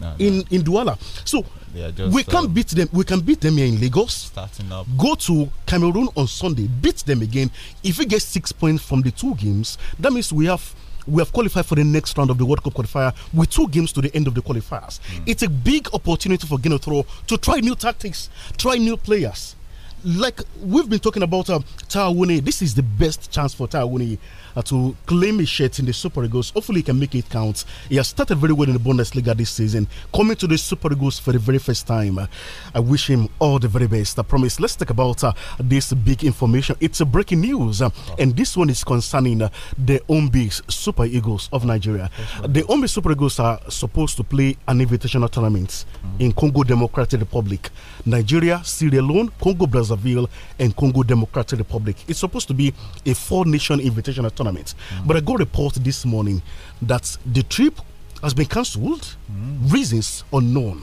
no, in, no. in Douala. So
just, we can um, uh,
beat them. We can beat them here in Lagos. Starting up. Go to Cameroon on Sunday, beat them again. If we get six points from the two games, that means we have we have qualified for the next round of the World Cup qualifier with two games to the end of the qualifiers. Mm. It's a big opportunity for Guinea Throw to try new tactics, try new players. Like we've been talking about uh, Tawuni, this is the best chance for Tawuni uh, to claim a shirt in the Super Eagles. Hopefully, he can make it count. He has started very well in the Bundesliga this season, coming to the Super Eagles for the very first time. Uh, I wish him all the very best. I promise. Let's talk about uh, this big information. It's a breaking news, uh, and this one is concerning uh, the Ombi's Super Eagles of Nigeria. The Ombi Super Eagles are supposed to play an invitational tournament mm. in Congo Democratic Republic, Nigeria, Sierra Leone, Congo Brazzaville, and Congo Democratic Republic. It's supposed to be a four-nation invitational tournament tournament. Mm. But I got a report this morning that the trip has been cancelled, mm. reasons unknown.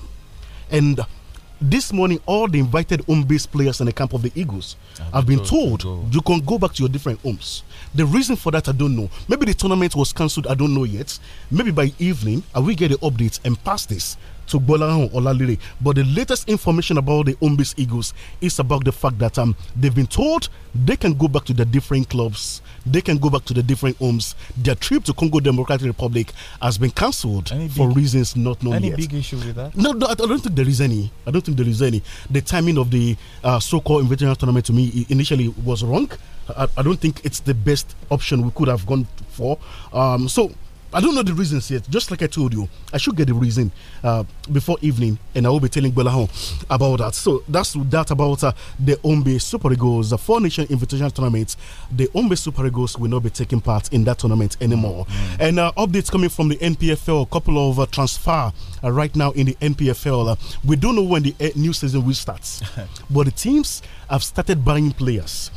And this morning, all the invited home based players in the camp of the Eagles I've been told, you can go back to your different homes. The reason for that, I don't know. Maybe the tournament was cancelled, I don't know yet. Maybe by evening, I will get the updates and pass this to Gbolahan Olalire. But the latest information about the home based Eagles is about the fact that um, they've been told they can go back to their different clubs they can go back to the different homes. Their trip to Congo Democratic Republic has been cancelled for reasons not known any yet. Any big issue with that? No, no, I don't think there is any. I don't think there is any. The timing of the uh, so-called invitational tournament to me initially was wrong. I, I, don't think it's the best option we could have gone for. Um, so I don't know the reasons yet. Just like I told you, I should get the reason uh, before evening, and I will be telling Belahon about that. So that's that about uh, the Ombe Super Eagles, the Four Nation Invitational Tournament. The Ombe Super Eagles will not be taking part in that tournament anymore. Mm. And uh, updates coming from the NPFL, a couple of uh, transfer uh, right now in the NPFL. Uh, we don't know when the new season will start, but the teams have started buying players.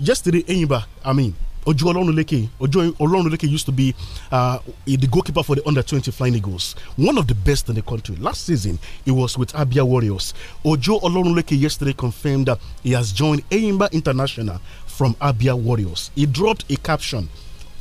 Yesterday, Enyimba, I mean, Ojo Olonuleke, Ojo Olonuleke used to be uh, the goalkeeper for the under 20 Flying Eagles, one of the best in the country. Last season, he was with Abia Warriors. Ojo Olonuleke yesterday confirmed that he has joined Eimba International from Abia Warriors. He dropped a caption.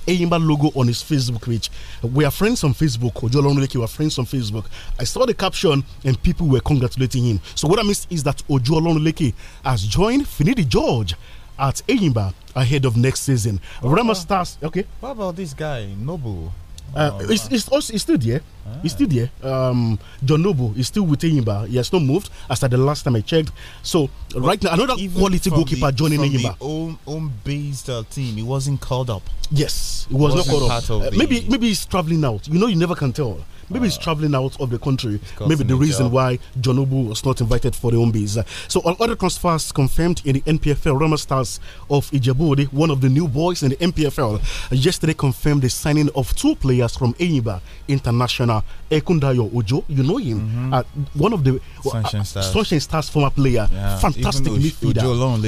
Eimba logo on his Facebook page. We are friends on Facebook. Ojo Olonuleke we are friends on Facebook. I saw the caption and people were congratulating him. So what I missed is that Ojo Olonuleke has joined Finidi George at Eyimba ahead of next season. What Rama Stars. Okay. What about this guy, Noble? Uh, oh, it's, it's, also, he's still there. Ah. still there. Um, John Noble is still with Enyimba. He has not moved as at the last time I checked. So but right now, another quality goalkeeper the, joining Enyimba.
Home, based uh, team. He wasn't called up.
Yes, he was not called up. Uh, maybe maybe he's traveling out. You know, you never can tell. Maybe uh, he's traveling out of the country. Maybe the reason job. why John Obu was not invited for the UMBIs. So, on other transfers confirmed in the NPFL, Roma Stars of Ijebuode, one of the new boys in the NPFL, yesterday confirmed the signing of two players from Eniba International, Ekundayo Ojo. You know him, mm -hmm. uh, one of the Sunshine, uh, Sunshine Stars. former player, yeah. fantastic midfielder.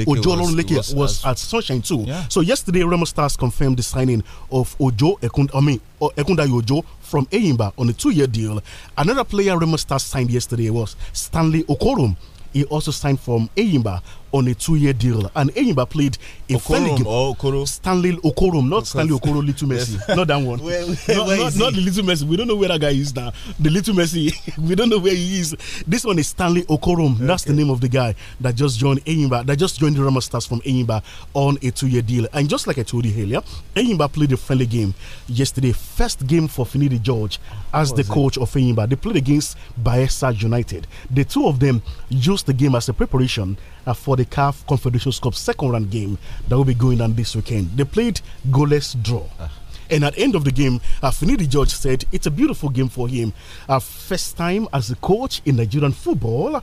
Ojo Lonleke was, was, was, at Sunshine too. Yeah. So, yesterday, Roma Stars confirmed the signing of Ojo I mean, Ekundayo Ojo from Eyimba on a two year deal. Another player Remo Stars signed yesterday was Stanley Okorum. He also signed from Eyimba on a two-year deal. And Enyimba played a Okorum, game. Okoro. Stanley Okorum, not Okoro. Stanley Okoro Little Messi, yes. not that one. where,
where, not, where not, not,
the Little Messi. We don't know where that guy is now. The Little Messi, we don't know where he is. This one is Stanley Okorum. That's the name of the guy that just joined Enyimba, that just joined the Rama Stars from Enyimba on a two-year deal. And just like I told you earlier, Enyimba played a friendly game yesterday. First game for Finidi George as the coach it? of Enyimba. They played against Baessa United. The two of them used the game as a preparation uh, for the CAF Confederations Cup second round game that will be going on this weekend. They played goalless draw. Uh. And at the end of the game, uh, Finidi George said it's a beautiful game for him. Uh, first time as a coach in Nigerian football.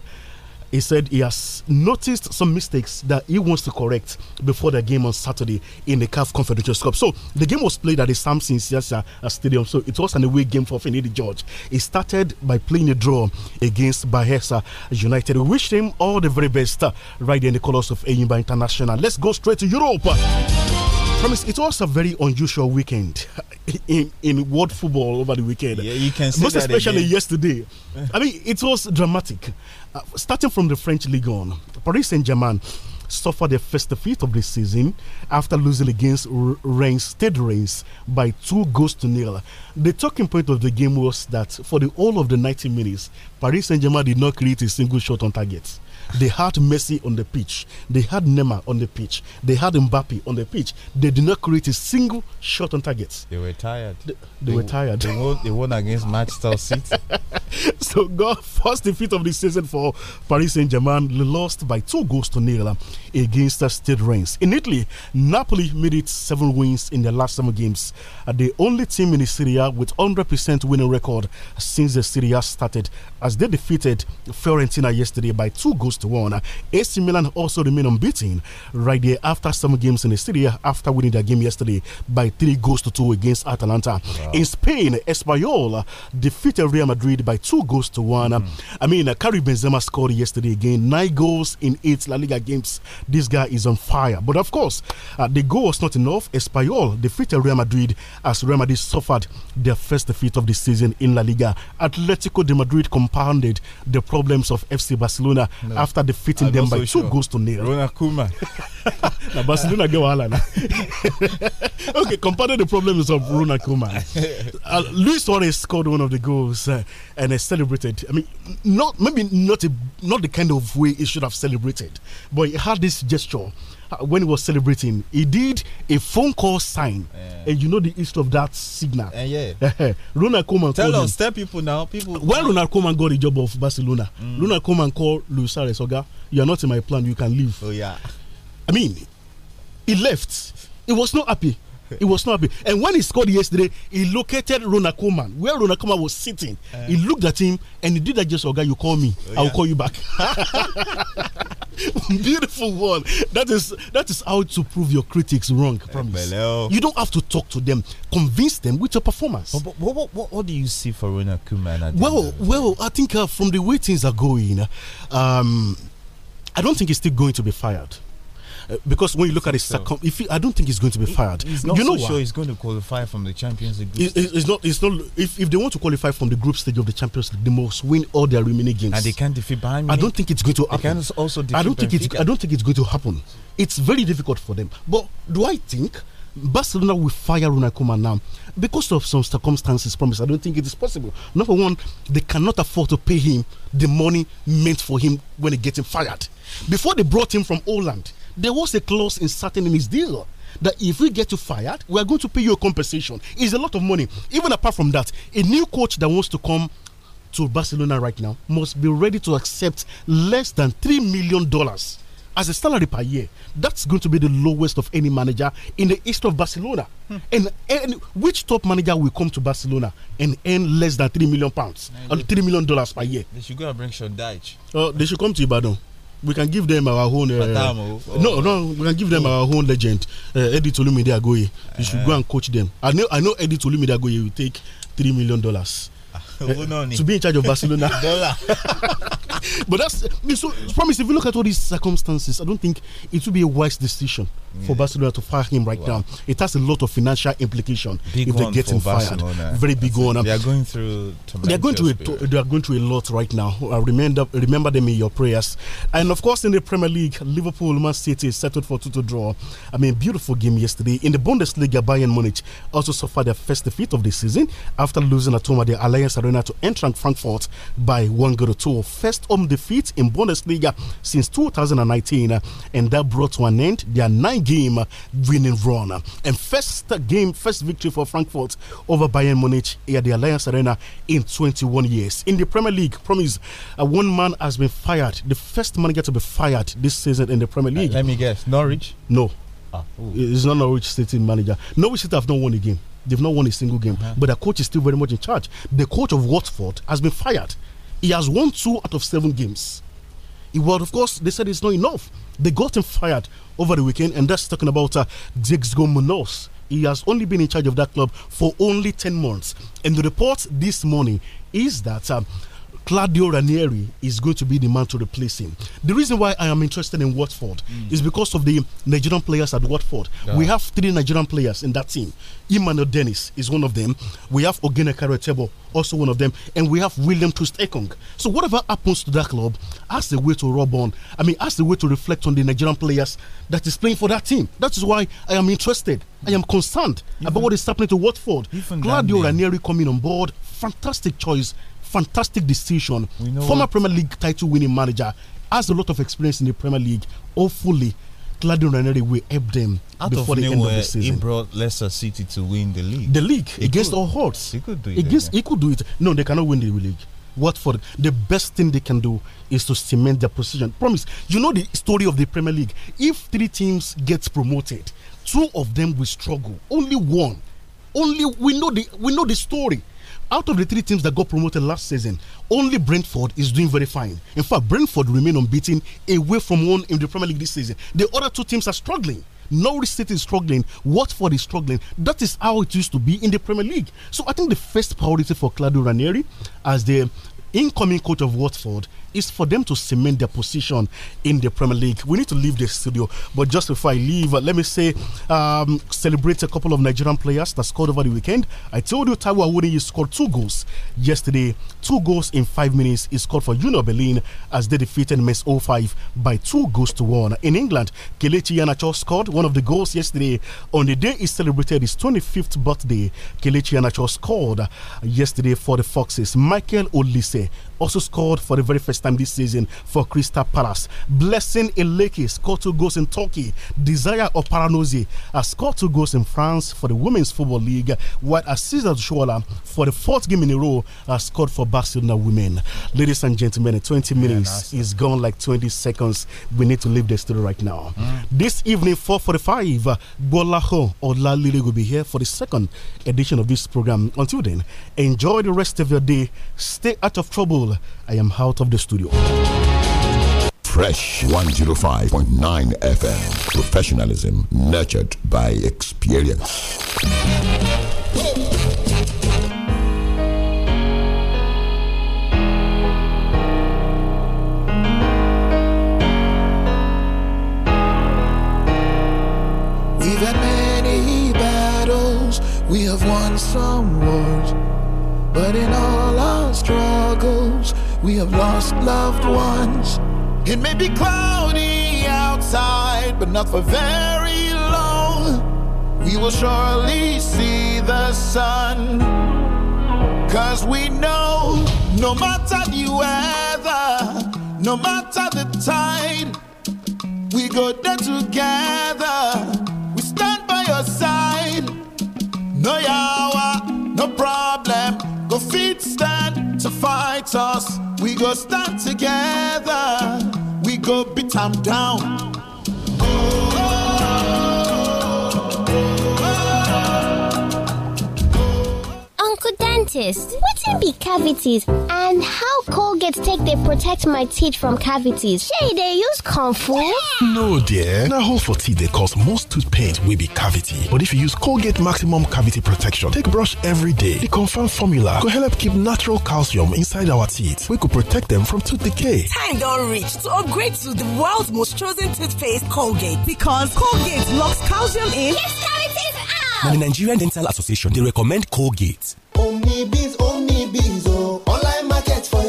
He said he has noticed some mistakes that he wants to correct before the game on Saturday in the CAF Confederations Cup. So the game was played at the Samson Siasa Stadium. So it was an away game for Finidi George. He started by playing a draw against Bahesa United. We wish him all the very best uh, right there in the colours of Enyimba International. Let's go straight to Europe. Promise, it was a very unusual weekend in, in world football over the weekend. Yeah, you can Most especially again. yesterday. I mean, it was dramatic. Uh, starting from the French League on, Paris Saint Germain suffered their first defeat of the season after losing against Reims Stade Reims by two goals to nil. The talking point of the game was that for the whole of the 90 minutes, Paris Saint Germain did not create a single shot on target. They had Messi on the pitch. They had Neymar on the pitch. They had Mbappe on the pitch. They did not create a single shot on target.
They were tired. They, they, they were tired. They won, they won against Manchester City.
so, God, first defeat of the season for Paris Saint Germain, lost by two goals to nil against the State Reims. In Italy, Napoli made it seven wins in their last seven games. Uh, the only team in the Serie with 100% winning record since the Serie started, as they defeated Fiorentina yesterday by two goals to 1. AC Milan also remain unbeaten right there after some games in the city after winning their game yesterday by 3 goals to 2 against Atalanta. Wow. In Spain, Espanyol defeated Real Madrid by 2 goals to 1. Mm. I mean, uh, Karim Benzema scored yesterday again. 9 goals in 8 La Liga games. This guy is on fire. But of course, uh, the goal was not enough. Espanyol defeated Real Madrid as Real Madrid suffered their first defeat of the season in La Liga. Atletico de Madrid compounded the problems of FC Barcelona no after defeating them by sure. two goals to nil. Ronald Koeman. now Barcelona get wahala now. okay, compared the problems of Ronald Koeman, uh, Luis Suarez scored one of the goals uh, and he celebrated. I mean, not maybe not a, not the kind of way he should have celebrated, but he had this gesture uh, when he was celebrating, he did a phone call sign, yeah. and you know the history of that signal. Uh, yeah. Ronald Koeman. Tell us, tell
people now, people.
When Ronald Koeman got the job of Barcelona, mm. Ronald Koeman called Luis "Oga, "You are not in my plan. You can leave." Oh yeah. I mean, he left. He was not happy. It was not. And when he scored yesterday, he located Ronald Koeman where Ronald Koeman was sitting. Uh, he looked at him and he did that just, Guy, you call me. Oh, yeah. I'll call you back. Beautiful one. That is that is how to prove your critics wrong. Eh, promise. Hey, you don't have to talk to them. Convince them with your performance. But, but, what, what, what do you see for Ronald Koeman? Well, well, I think uh, from the way things are going, um, I don't think he's still going to be fired because when you look at his circum, if he, I don't think he's going to be fired. He's not you know so sure he's
going to qualify from the Champions League.
it's not. It's not. If, if they want to qualify from the group stage of the Champions League, they must win all their remaining games. And they can't defeat Bayern. Munich. I don't think it's going to happen. They can also defeat I don't think Benfica. it's. I don't think it's going to happen. It's very difficult for them. But do I think? Barcelona will fire Ronald Koeman now because of some circumstances. Promise, I don't think it is possible. Number one, they cannot afford to pay him the money meant for him when he gets him fired. Before they brought him from Holland, there was a clause in certain in his deal that if we get you fired, we are going to pay you a compensation. It's a lot of money. Even apart from that, a new coach that wants to come to Barcelona right now must be ready to accept less than three million dollars as a salary per year. That's going to be the lowest of any manager in the east of Barcelona. Hmm. And, and which top manager will come to Barcelona and earn less than three million pounds or three million dollars per year?
They should go and bring Sean Dyche.
Uh, they should come to Ibadan. we can give them our own. Uh, oh, oh. no, no, we can give them our own legend. Uh, Eddie Tolumide Agoye. You should go uh-huh. and coach them. I know, I know. Eddie Tolumide Agoye will take three million dollars to be in charge of Barcelona. but that's so. Promise. If you look at all these circumstances, I don't think it would be a wise decision yeah. for Barcelona to fire him right wow. now. It has a lot of financial implication big if they get him fired. Very big that's one. They are going through. They are going through. A, they are going through a lot right now. I uh, remember remember them in your prayers. And of course, in the Premier League, Liverpool, Man City settled for two to draw. I mean, beautiful game yesterday. In the Bundesliga, Bayern Munich also suffered their first defeat of the season after losing at home at the Alliance Arena Arena to Eintracht Frankfurt by one goal to two. First home defeat in Bundesliga since 2019, and that brought to an end their nine-game winning run. And first game, first victory for Frankfurt over Bayern Munich at the Alliance Arena in 21 years. In the Premier League, promise, uh, one man has been fired. The first manager to be fired this season in the Premier League. Uh, let me guess, Norwich? No. Ah, it's not Norwich City manager. Norwich City have not won a game. They've not won a single game, uh-huh. but the coach is still very much in charge. The coach of Watford has been fired. He has won two out of seven games. Well, of course, they said it's not enough. They got him fired over the weekend, and that's talking about uh, Diggs He has only been in charge of that club for only 10 months. And the report this morning is that. Um, Claudio Ranieri is going to be the man to replace him. The reason why I am interested in Watford mm. is because of the Nigerian players at Watford. Yeah. We have three Nigerian players in that team. Emmanuel Dennis is one of them. We have Ogene Karatebo, also one of them. And we have William Twist So whatever happens to that club, as the way to rub on. I mean, as the way to reflect on the Nigerian players that is playing for that team. That is why I am interested. I am concerned even, about what is happening to Watford. Claudio Ranieri coming on board, fantastic choice fantastic decision. Former Premier League title winning manager has a lot of experience in the Premier League. Hopefully, Claudio Ranieri will help them Out before the end of the season. He
brought Leicester City to win the league. The
league against could. all odds. He could do it. Against, He could do it. No, they cannot win the league. What for? the best thing they can do is to cement their position. Promise, you know the story of the Premier League. If three teams get promoted, two of them will struggle. Only one. Only we know the we know the story out of the three teams that got promoted last season, only Brentford is doing very fine. In fact, Brentford remain unbeaten away from one in the Premier League this season. The other two teams are struggling. Norwich City is struggling, Watford is struggling. That is how it used to be in the Premier League. So I think the first priority for Claudio Ranieri as the incoming coach of Watford is for them to cement their position in the Premier League. We need to leave the studio, but just before I leave, uh, let me say, um, celebrate a couple of Nigerian players that scored over the weekend. I told you Taiwo Awoniyi scored two goals yesterday, two goals in five minutes. He scored for Union Berlin as they defeated Mess 05 by two goals to one. In England, Kelechi Iheanacho scored one of the goals yesterday. On the day he celebrated his 25th birthday, Kelechi Iheanacho scored yesterday for the Foxes. Michael Olise also scored for the very first time this season for Crystal Palace. Blessing Eleke scored two goals in Turkey. Desire of Paranozi has scored two goals in France for the Women's Football League, while Aziza Shola for the fourth game in a row has scored for Barcelona women. Ladies and gentlemen, 20 minutes yeah, is gone like 20 seconds. We need to leave the studio right now. Mm. This evening, 4.45, uh, Bolaho Lili will be here for the second edition of this program. Until then, enjoy the rest of your day. Stay out of trouble I am out of the studio.
Fresh 105.9 FM. Professionalism nurtured by experience. We've had many battles, we have won some wars. But in all our struggles, we have lost loved ones. It may be cloudy outside, but not for very long. We will surely see the sun. Cause we know no matter the weather, no matter the tide, we go there together. We stand by your side. No, you feet stand to fight us. We go stand together. We go beat them down.
Uncle Dentist wetin be cavities and how colgate take dey protect my teeth from cavities shey they dey use comfort?
no dear na hole for teeth dey cause most tooth pain wey be cavity but if you use colgate maximum cavity protection take brush every day the confam formula go help keep natural calcium inside our teeth wey go protect them from tooth decay
time don reach to upgrade to the world's most chosen toothpaste colgate because colgate locks calcium in yes cavities
out! na the nigerian dental association they recommend colgate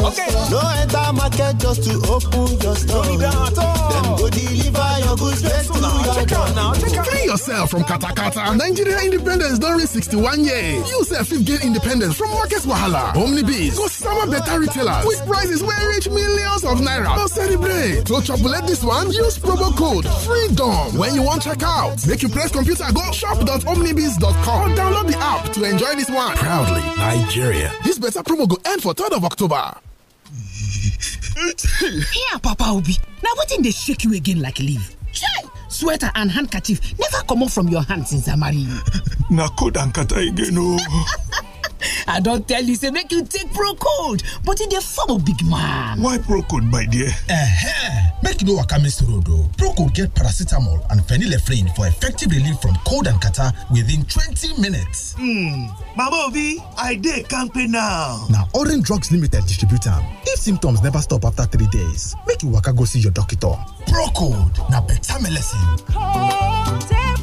okay. No
enter market just to open your store. Don't at all. go deliver your goods straight to your door. Now, check out.
Free yourself from katakata. Nigeria independence during 61 years. You sef fifth gain independence from market wahala. Omnibs go sama better retailers with prices where reach millions of naira. No celebrate. To chopulate this one, use promo code FREEDOM when you want check out. Make you press computer go shop.omnibs.com or download the app to enjoy this one. Proudly
Nigeria.
This better promo go end for 3rd of October.
Here, Papa Obi. Now, what in they shake you again like leaf? Chai!
Sweater and handkerchief never come off from your hand since I married you. Now, could and kata again, oh. i don't tell you say make you take Procode, but e dey form of big man why Procode, my dear eh make you no waka miss road o oh. pro get paracetamol
and phenylephrine for effective relief from cold and catarrh within 20
minutes hmm
mama obi i dey kampe now Now orange drugs limited distributor. if symptoms never stop after three days make you waka go see your doctor Procode, now na beta melecine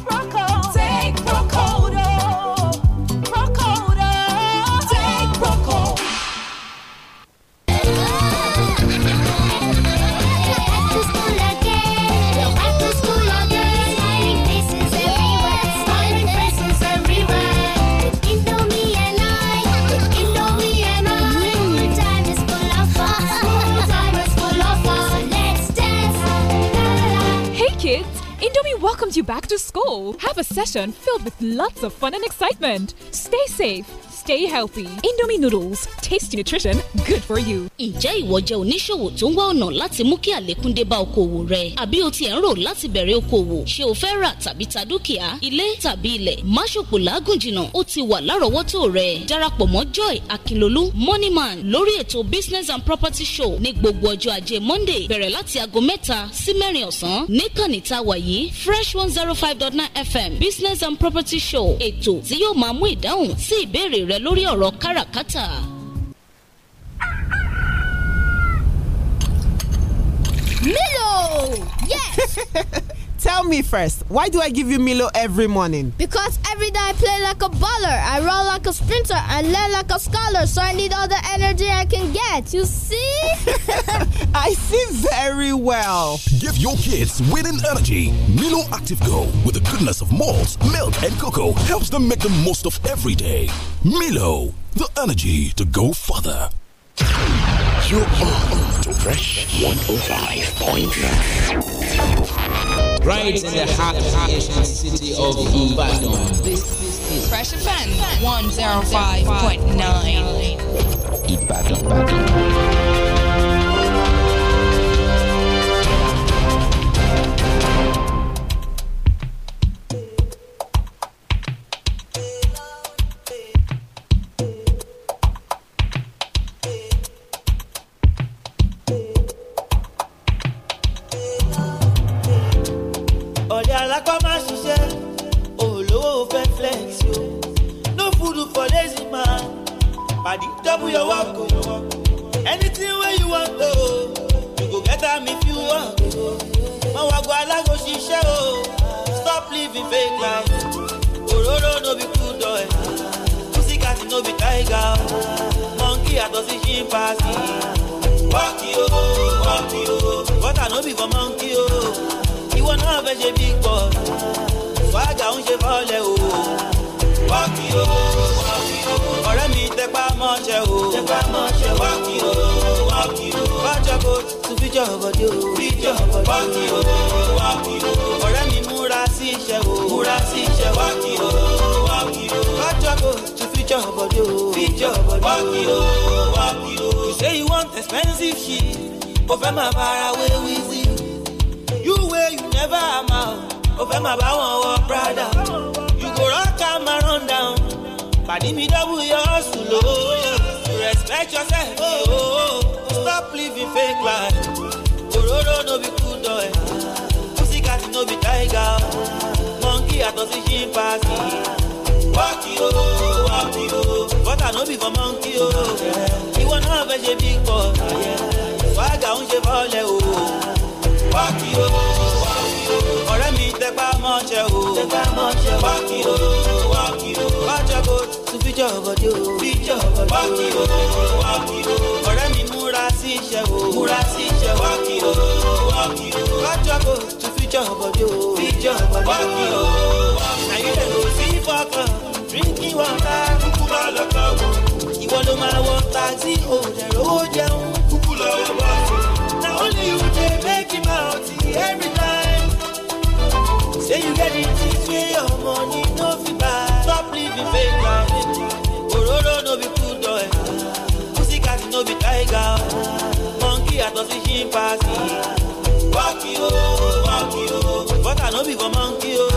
send you back to school. Have a session filled with lots of fun and excitement. Stay safe stay healthy. Indomie noodles, tasty nutrition, good for you. Ǹjẹ́ ìwọ jẹ́ oníṣòwò tó ń wá ọ̀nà láti mú kí àlékún dé bá okòwò rẹ? Àbí o tiẹ̀ ń rò láti bẹ̀rẹ̀ okòwò? Ṣé o fẹ́ rà tàbí ta dúkìá, ilé tàbí ilẹ̀? Má ṣòpò láàgùn jìnnà, ó ti wà lárọ̀ọ́wọ́tò rẹ. Darapọ̀ mọ́ Joy Akinlolú Moneyman lórí ètò Business and Property Show ní gbogbo ọjọ́ ajé Monday bẹ̀rẹ̀ láti aago mẹ́ta sí mẹ́rin ọ̀sán níkànnì tá a wà yìí Fresh one zero five dot nine FM Business and Property Show ètò tí yóò máa mú ìdáhùn sí ìbéèrè rẹ lórí ọ̀rọ̀ káràkátà.
Milo! Yes! Tell
me first, why do I give you Milo every morning?
Because every day I play like a baller, I run like a sprinter, and learn like a scholar, so I need all the energy I can get. You see?
I see very well. Give your kids winning energy.
Milo Active Go, with the goodness of malt, milk, and cocoa, helps them make the most of every day.
Milo, the energy to go further. You are on Fresh 105.9 right in the heart of the city of Ibadan. This
is Fresh FM,
105.9.
Ibadan. Ibadan.
me double your hustle, respect yourself, oh, oh, oh. Stop living fake life. Ororo no be cool boy. Oh, cat no be tiger. Monkey at àtọ̀sí chimpanzee. Walk yo, walk But I no be for monkey, oh. Ìwọ náà fẹ́ ṣe big boy. Swagger ń ṣe fọ́lẹ̀, oh. Walk yo, walk yo. Ọ̀rẹ́ mi tẹpá mọ́ṣẹ́, oh. Tẹpá o. walk yo, walk yo. Bájọ́ kò. fíjọ́ bọ̀dé o. fíjọ́ bọ̀dé o. wákì o ọ̀rẹ́ mi múra sí iṣẹ́ o. múra sí iṣẹ́ o. wákì o wákì o. lọ́jọ́ kò tún fíjọ́ bọ̀dé o. fíjọ́ bọ̀dé o. wákì o wákì o. àyẹ̀lẹ̀ kò sí fọkàn díríkì wọ́ta. kúkú bá lọ kà wọ. ìwọ ló máa wọ taxi o dẹ̀rọ ó jẹun. kúkú lọ wọ wá fún. na only you dey make him out every time. say you get it this way your money. position pass it. Walk you, walk you. But I know be for monkey o.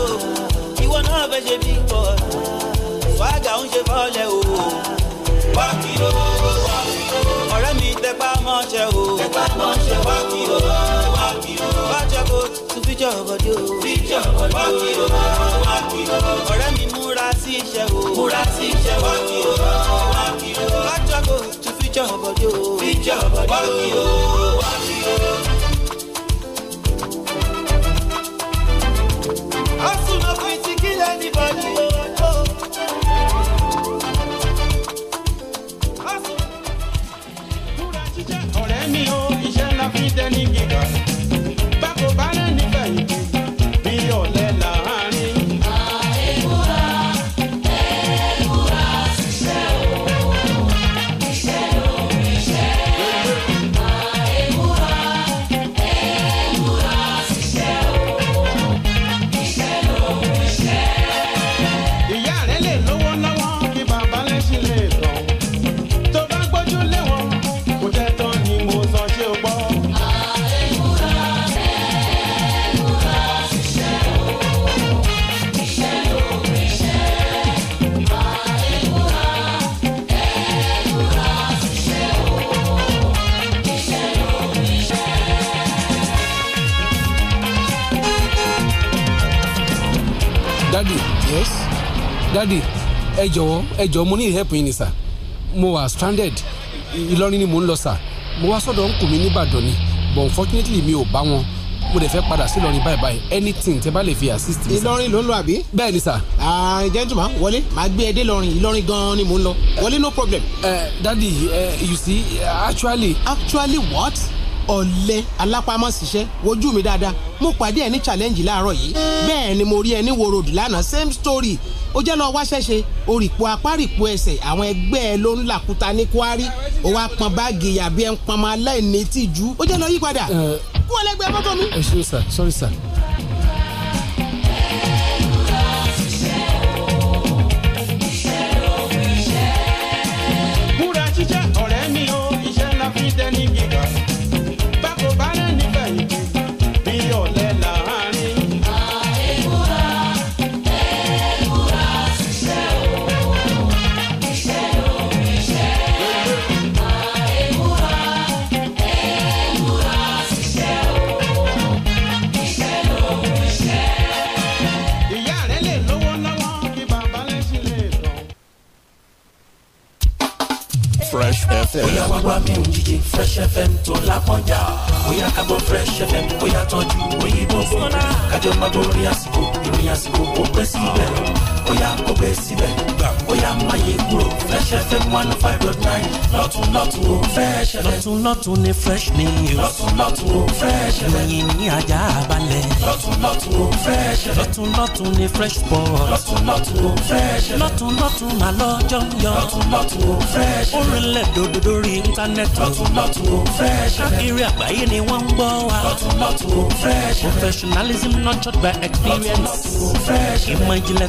Ìwọ náà fẹ́ ṣe bí pọ̀. Swagger ń ṣe fọ́lẹ̀ o. Walk you, walk you. Ọ̀rẹ́ mi tẹpá mọ́ṣẹ́ o. Tẹpá mọ́ṣẹ́ walk you, walk you. Bájọ́ kò tún fíjọ́ bọ̀dé o. Fíjọ́ bọ̀dé o. Walk you, walk you. Ọ̀rẹ́ mi múra sí iṣẹ́ o. Múra sí iṣẹ́ o. Walk you, walk you. Bájọ́ kò tún picture body o picture body o wá mi o wá mi o. Asuna kò tí kí lẹ́ni bọ́lí o.
dadi ẹ jọ̀wọ́ ẹ jọ̀ọ́ mo
ní help yín ni sà mo wà stranded Ìlọrin ni mo ń lọ sà mo wá sọ́dọ̀ ńkù mi nìbàdàn ni but unfortunately mi ò bá wọn mo dẹ̀ fẹ́ padà sí Ìlọrin báyìí báyìí anything tẹ bá lè
fi assist mi.
Ìlọrin ló ń lọ àbí. bẹ́ẹ̀ ni sà. gentleman wọlé màá gbé ẹ dé Ìlọrin Ìlọrin gan-an ni mò ń lọ wọlé no problem. ẹ eh, dadi eh, you see actually. actually what? ọ̀lẹ alápámọ́síṣẹ́ wojú mi dáadáa mo pàdé ẹ challenge láàárọ̀ yìí bẹ́ẹ̀ ni mo rí ẹ wo road lánàá same story ó jẹ́ lọ́ọ́ wáṣẹ́ṣe orìpò apárìpò ẹsẹ̀ àwọn ẹgbẹ́ ẹ ló ń làkúta ní kwari ó wá pọn báàgì yàbí ẹ ń pọn ọmọ aláìní tìjú ó jẹ́ lọ́ọ́ yí kú
ọlẹ́gbẹ́ mọ́tò mi.
ẹ ṣeun sir sorry sir.
búra jíjẹ́ ọ̀rẹ́ mi o iṣẹ́ la fi dẹni gidi. lẹ́sẹ̀. bóyá wá wá mi òjijì fresh
fm tó lápọ́njà bóyá ká gbọ́ fresh fm bóyá tọ́jú òyìnbó fúnra kájọ máa borí àsìkò ìròyìn àsìkò ó pẹ́ síbẹ̀ bóyá kò pẹ́ síbẹ̀ bóyá amáyékúrò Fresh FM one oh five dot nine lọ́tún lọ́tún ó Fresh FM. lọ́tún lọ́tún ni fresh news. lọ́tún lọ́tún ó Fresh FM. lẹ́yìn ní ajá balẹ̀. lọ́tún lọ́tún ó Fresh
FM. lọ́tún lọ́tún ni fresh sport. lọ́tún lọ́tún ó Fresh FM. lọ́tún lọ́tún mà lọ́jọ́ ń yọ. lọ́tún lọ́tún ó Fresh FM. orílẹ̀ dòdò lórí íńtánẹ́ẹ̀tì. lọ́tún lọ́tún ó Fresh FM. káàkiri àgbáyé ni wọ́n ń gbọ́ wa. lọ́tún lọ́tún ó Fresh FM. professionalism nurtured by experience. lọ́tún lọ́tún ó Fresh FM. ìmọ̀ ìjìnlẹ̀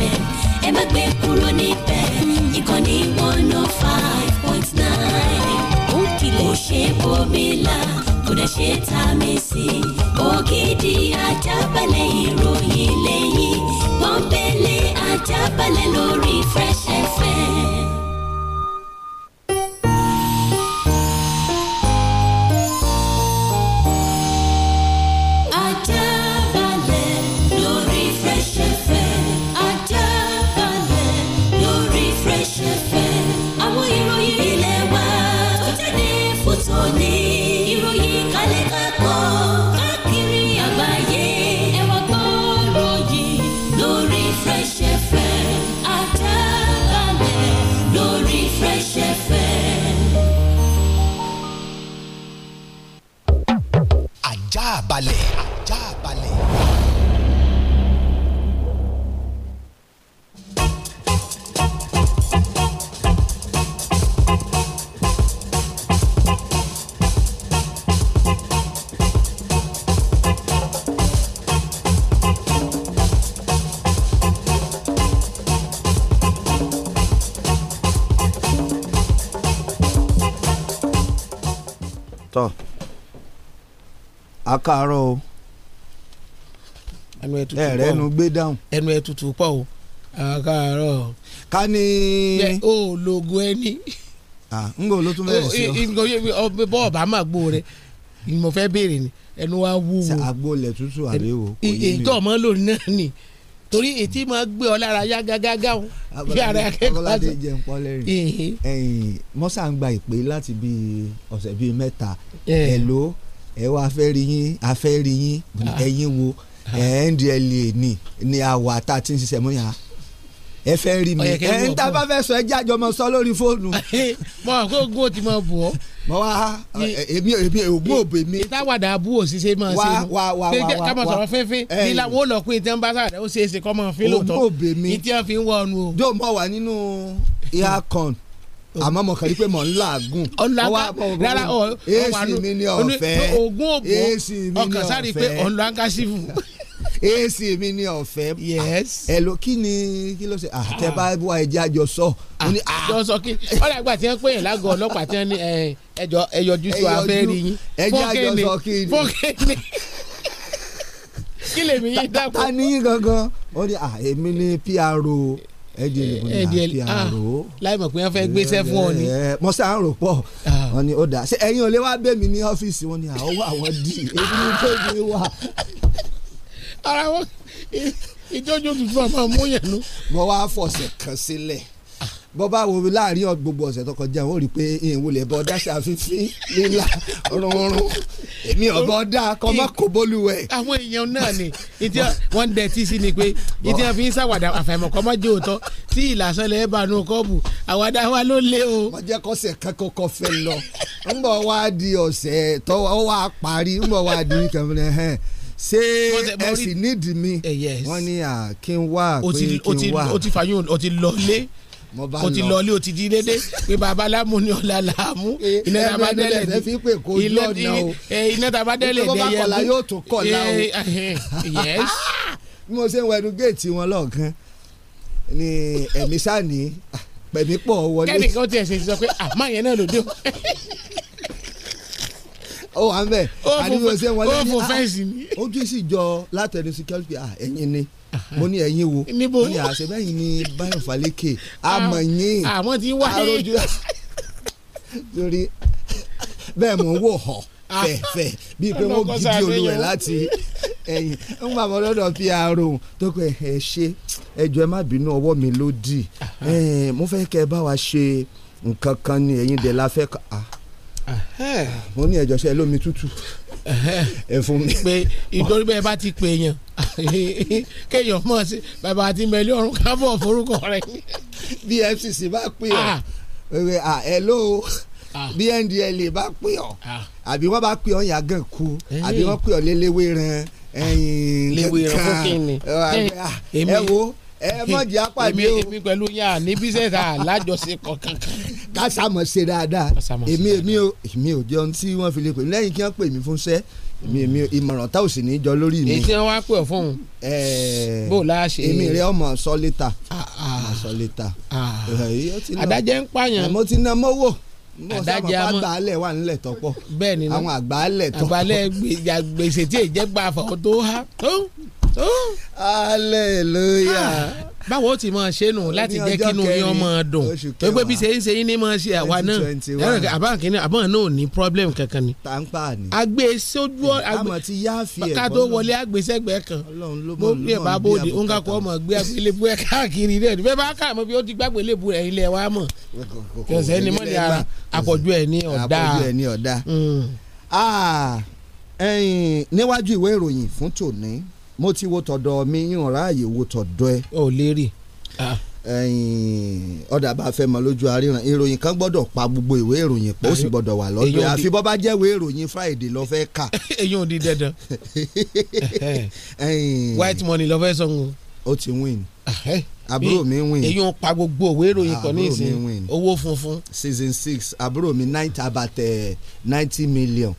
fm ẹ má gbé kúrò níbẹ̀ ìkànnì one oh five point nine. ó kìlọ̀ ṣe bòmílà kò ṣe tá a mi sí. ògidì ajábalẹ̀ ìròyìn lẹ́yìn pọ́npẹ́lẹ́ ajábalẹ̀ lórí fresh fm. me.
àkàrọ̀
o ẹnu ẹ tutù pọ̀ ẹ̀rẹ́ ẹnu gbé dáhùn ẹnu ẹ tutù pọ̀ o àkàrọ̀ ká ní. o logo ẹni. n kò ló tún bẹ̀rẹ̀ sí ọ. bọ́ ọ̀bá máa gbó rẹ ni mo fẹ́ béèrè ni ẹnu wa wúwo. agboolẹ̀ tútù àbẹ̀wò. ìtọ́ ọmọ lórí náà ni torí ètí máa gbé ọ lára yá gágágá o bí ara akẹ́kọ̀ọ́ àti. ọlọ́dẹ
jẹun pọ́ lẹ́rìn. mọ́sà ń gba ìpè láti bíi ọ̀sẹ̀ bíi mẹ́ta ẹ̀ ló ẹ wá fẹ́ rí yín a fẹ́ rí yín ah. ẹ̀yin wo ndla ah. ni ni àwa tá a ti ń ṣiṣẹ́ mọ́ yàrá ẹ fẹ́ rí mi ẹ ń tá bá fẹ́ sọ ẹ jẹ́ àjọmọ sọ lórí fóònù. mọ kó gún ti mọ bù ọ. mọ wá
èmi èmi ògún òbè mi. ìtawàdà abú òṣìṣẹ́ máa ṣe nu wá wá wá wá kámọ sọ̀rọ̀ fẹ́fẹ́ ní la wọ́n lọ pé ìtẹ́ bá sáà ó ṣe é ṣe kọ́ mọ́ fílò tọ́ ògún òbè mi ìtẹ́ fi ń wọ o. jọ̀ọ́ mọ̀ wà nínú
earcon àmọ́ mo kàn rí pé mo ń làágùn rárá ọ èsì mi ni ọ̀fẹ́ oògùn oògùn ọkàn sáré pé ọ̀n lọ ankasifu. Ah, èsì mi ni ọ̀fẹ́ ẹ ló kí ni kí ló ṣe àtẹ ah, bá ah. wà ẹ jẹ́ àjọ
sọ. àjọ sọ kí ọ̀rẹ́ àgbà tí wọ́n pè yàn lágọ̀ọ́ ọlọ́pàá tí wọ́n ní ẹ̀yọjú sí wa fẹ́ rí yín fọ́kẹ́ni fọ́kẹ́ni kí lèmi
yín dákun. ta ni yín gangan ó ní èmi ẹdí ẹlẹbù ní àárò. láì mọ̀ pé wọ́n fẹ́ gbéṣẹ́ fún ọ ni. mo sá àárò pọ̀ ah. wọn ni ó dà ṣé ẹ̀yin ò lè wá bẹ̀ mí ní ọ́fíìsì wọn ni àwọn wà wọ́n dì èmi ní tóbi wà. ara wọn ìtọ́jú tuntun àmọ́ mú yẹn mo wá fọ̀sẹ̀ kan sílẹ̀ bọ́ bá wo láàrin gbogbo ọ̀sẹ̀ tó kọjá wọ́n rí i pé ìwúlẹ̀ bọ́ dá ṣàfihàn líla
rúnrún èmi ọ̀bọ dá kọ́mọ́ kò bólúwẹ̀. àwọn èèyàn náà ni wọ́n ń dẹ̀tí sí ni pé ìdí wọn fi ń ṣàwàdà àfàìmọ̀ kọ́mọ́ jẹ́ òótọ́ tí ìlàsọ̀lẹ̀ bá nu kọ́ọ̀bù àwàdà wa ló lé o. wọ́n jẹ́ kọ́sẹ̀ kankan kọ́ fẹ́ lọ ń bọ̀ wá di
ọ̀sẹ̀ tó wá parí ń bọ̀ wá di kẹ́mìrẹ́ ṣé ẹ sì
nídìí mi eh, wọ́n ní à kí n wá pé kí n wá. o ti fàyún o ti lọ lé kò ti lọ ilé o ti di dédé pé baba ni ọ̀la làámú iná tàbá dẹ́lẹ̀ ni iná tàbá dẹ́lẹ̀ ni ẹ̀yẹ kó yóò tó kọ̀ la
o mo ṣe ń wẹnu géètì wọn lọ́ọ̀kan ni ẹ̀mí sani pẹ̀mí pọ̀ wọlé. kẹ́nìkan
tiẹ̀ ṣe sọ pé àmọ́ yẹn náà ló dé
o wà ń bẹ̀ àdúgbò ṣe wọlé ní ojú ah, sì jọ látẹnu security ah, ẹ̀yìn ni mo ní ẹ̀yin wo mo ní àṣebẹ́yìn ni Báyọ̀ Fálékè amọ̀yìn ah, arójú ah, lórí bẹ́ẹ̀ mò ń wò hàn ah. fẹ̀fẹ̀ bíi pé wọ́n gidi olúwẹ̀ láti ẹ̀yìn ń bàbá ọlọ́dọ̀ fi àárò tó pé ẹ ṣe ẹjọ́ ẹ má bínú ọwọ́ mi ló dì mo fẹ́ kẹ́ ẹ bá wa ṣe nǹkan kan ni ẹ̀yin dẹ̀ la fẹ́ ká
mo ní ẹ̀jọ̀ ṣe lómi tútù ẹ fún mi. pé ìtorí bẹ́ẹ̀ bá ti pè yàn kéèyàn mọ̀ sí bàbá àti mẹ́lí ọ̀run kábọ̀ forúkọ rẹ̀. bí bá pè ọ́ ah. hello ah. bí NDLEA bá pè ọ́
ah. àbí wọ́n bá pè ọ́ yàgàn kú eh. àbí wọ́n pè ọ́ léléwé rẹ̀ ẹ̀yìn lẹ́wé ẹ wo
ẹ mọ̀ jẹ́ apàdé o. èmi pẹ̀lú yà ní bísẹ̀sì alájọṣepọ̀ kankan.
kásámọ̀ ṣe dáadáa èmi èmi ò èmi ò jẹun tí wọ́n fi lè pè lẹ́yìn kí wọ́n pè mí fún sẹ́ èmi èmi ìmọ̀ràn tá ò sì ní jọ lórí mi. èsì
wọn á pè ọ fún
un. bó o la ṣe. èmi rẹ ọmọ sọ lẹ́tà ọmọ sọ lẹ́tà.
adájẹ́ ń pààyàn. àmọ́ ti ná mọ́wọ́ adájẹ́ àmọ́ àgbàálẹ̀ wà nílẹ̀ tọ́pọ̀. bẹ́ẹ̀ ni àwọn àgbàálẹ̀ tọ́pọ̀. àgbàálẹ̀ gbèsè tí èjẹ́ gbà fọ́ tó há hallelujah ah, báwo ó ti máa ṣe nù láti jẹ́ kínú yín ọmọ dùn pé bí ṣe ń ṣe yín ní máa ṣe àwa náà àbáwọn kìíní àbáwọn náà ò ní problem kankan ni. tàǹpà ni agbe sójú àmọ́ ti yá fi ẹ̀kọ́ náà ká tó wọlé agbésẹ́gbẹ́ kan mo bí ẹ̀ bá bóde ó ń kakọ́ ọmọ gbé agbélébu ẹ̀ káàkiri rẹ̀ bẹ́ẹ̀ bá kà mọ́ bí ó ti gbàgbélébu rẹ̀ ilé wa mọ̀
kẹsẹ̀ ni mọ́ni ara àpọ̀jù ẹ̀ ní ọ̀dà. àpọ̀jù ẹ̀ ní ọ̀dà mm. ah, níwájú ìwé ìròyìn fún tòní mo ti wo tọ̀dọ̀ mi yín ráàyè wo tọ̀dọ̀ ẹ. o lè rí. ọ̀dà bá fẹ́ mọ lójú aríran ìròyìn kan gbọ́dọ̀ pa gbogbo ìwé ìròyìn pé ó sì gbọ́dọ̀ wà lọ́dọ̀ àfi bọ́ bá jẹ́ ìwé ìròyìn Friday lọ́ fẹ́ kà. eyín ò di dandan white
money lọ́ fẹ́ sọ̀hún. ó ti win
àbúrò mi win èyí ń pa gbogbo òwe ìròyìn kan ní ìsìn owó funfun. season six àbúrò mi nine about ninety million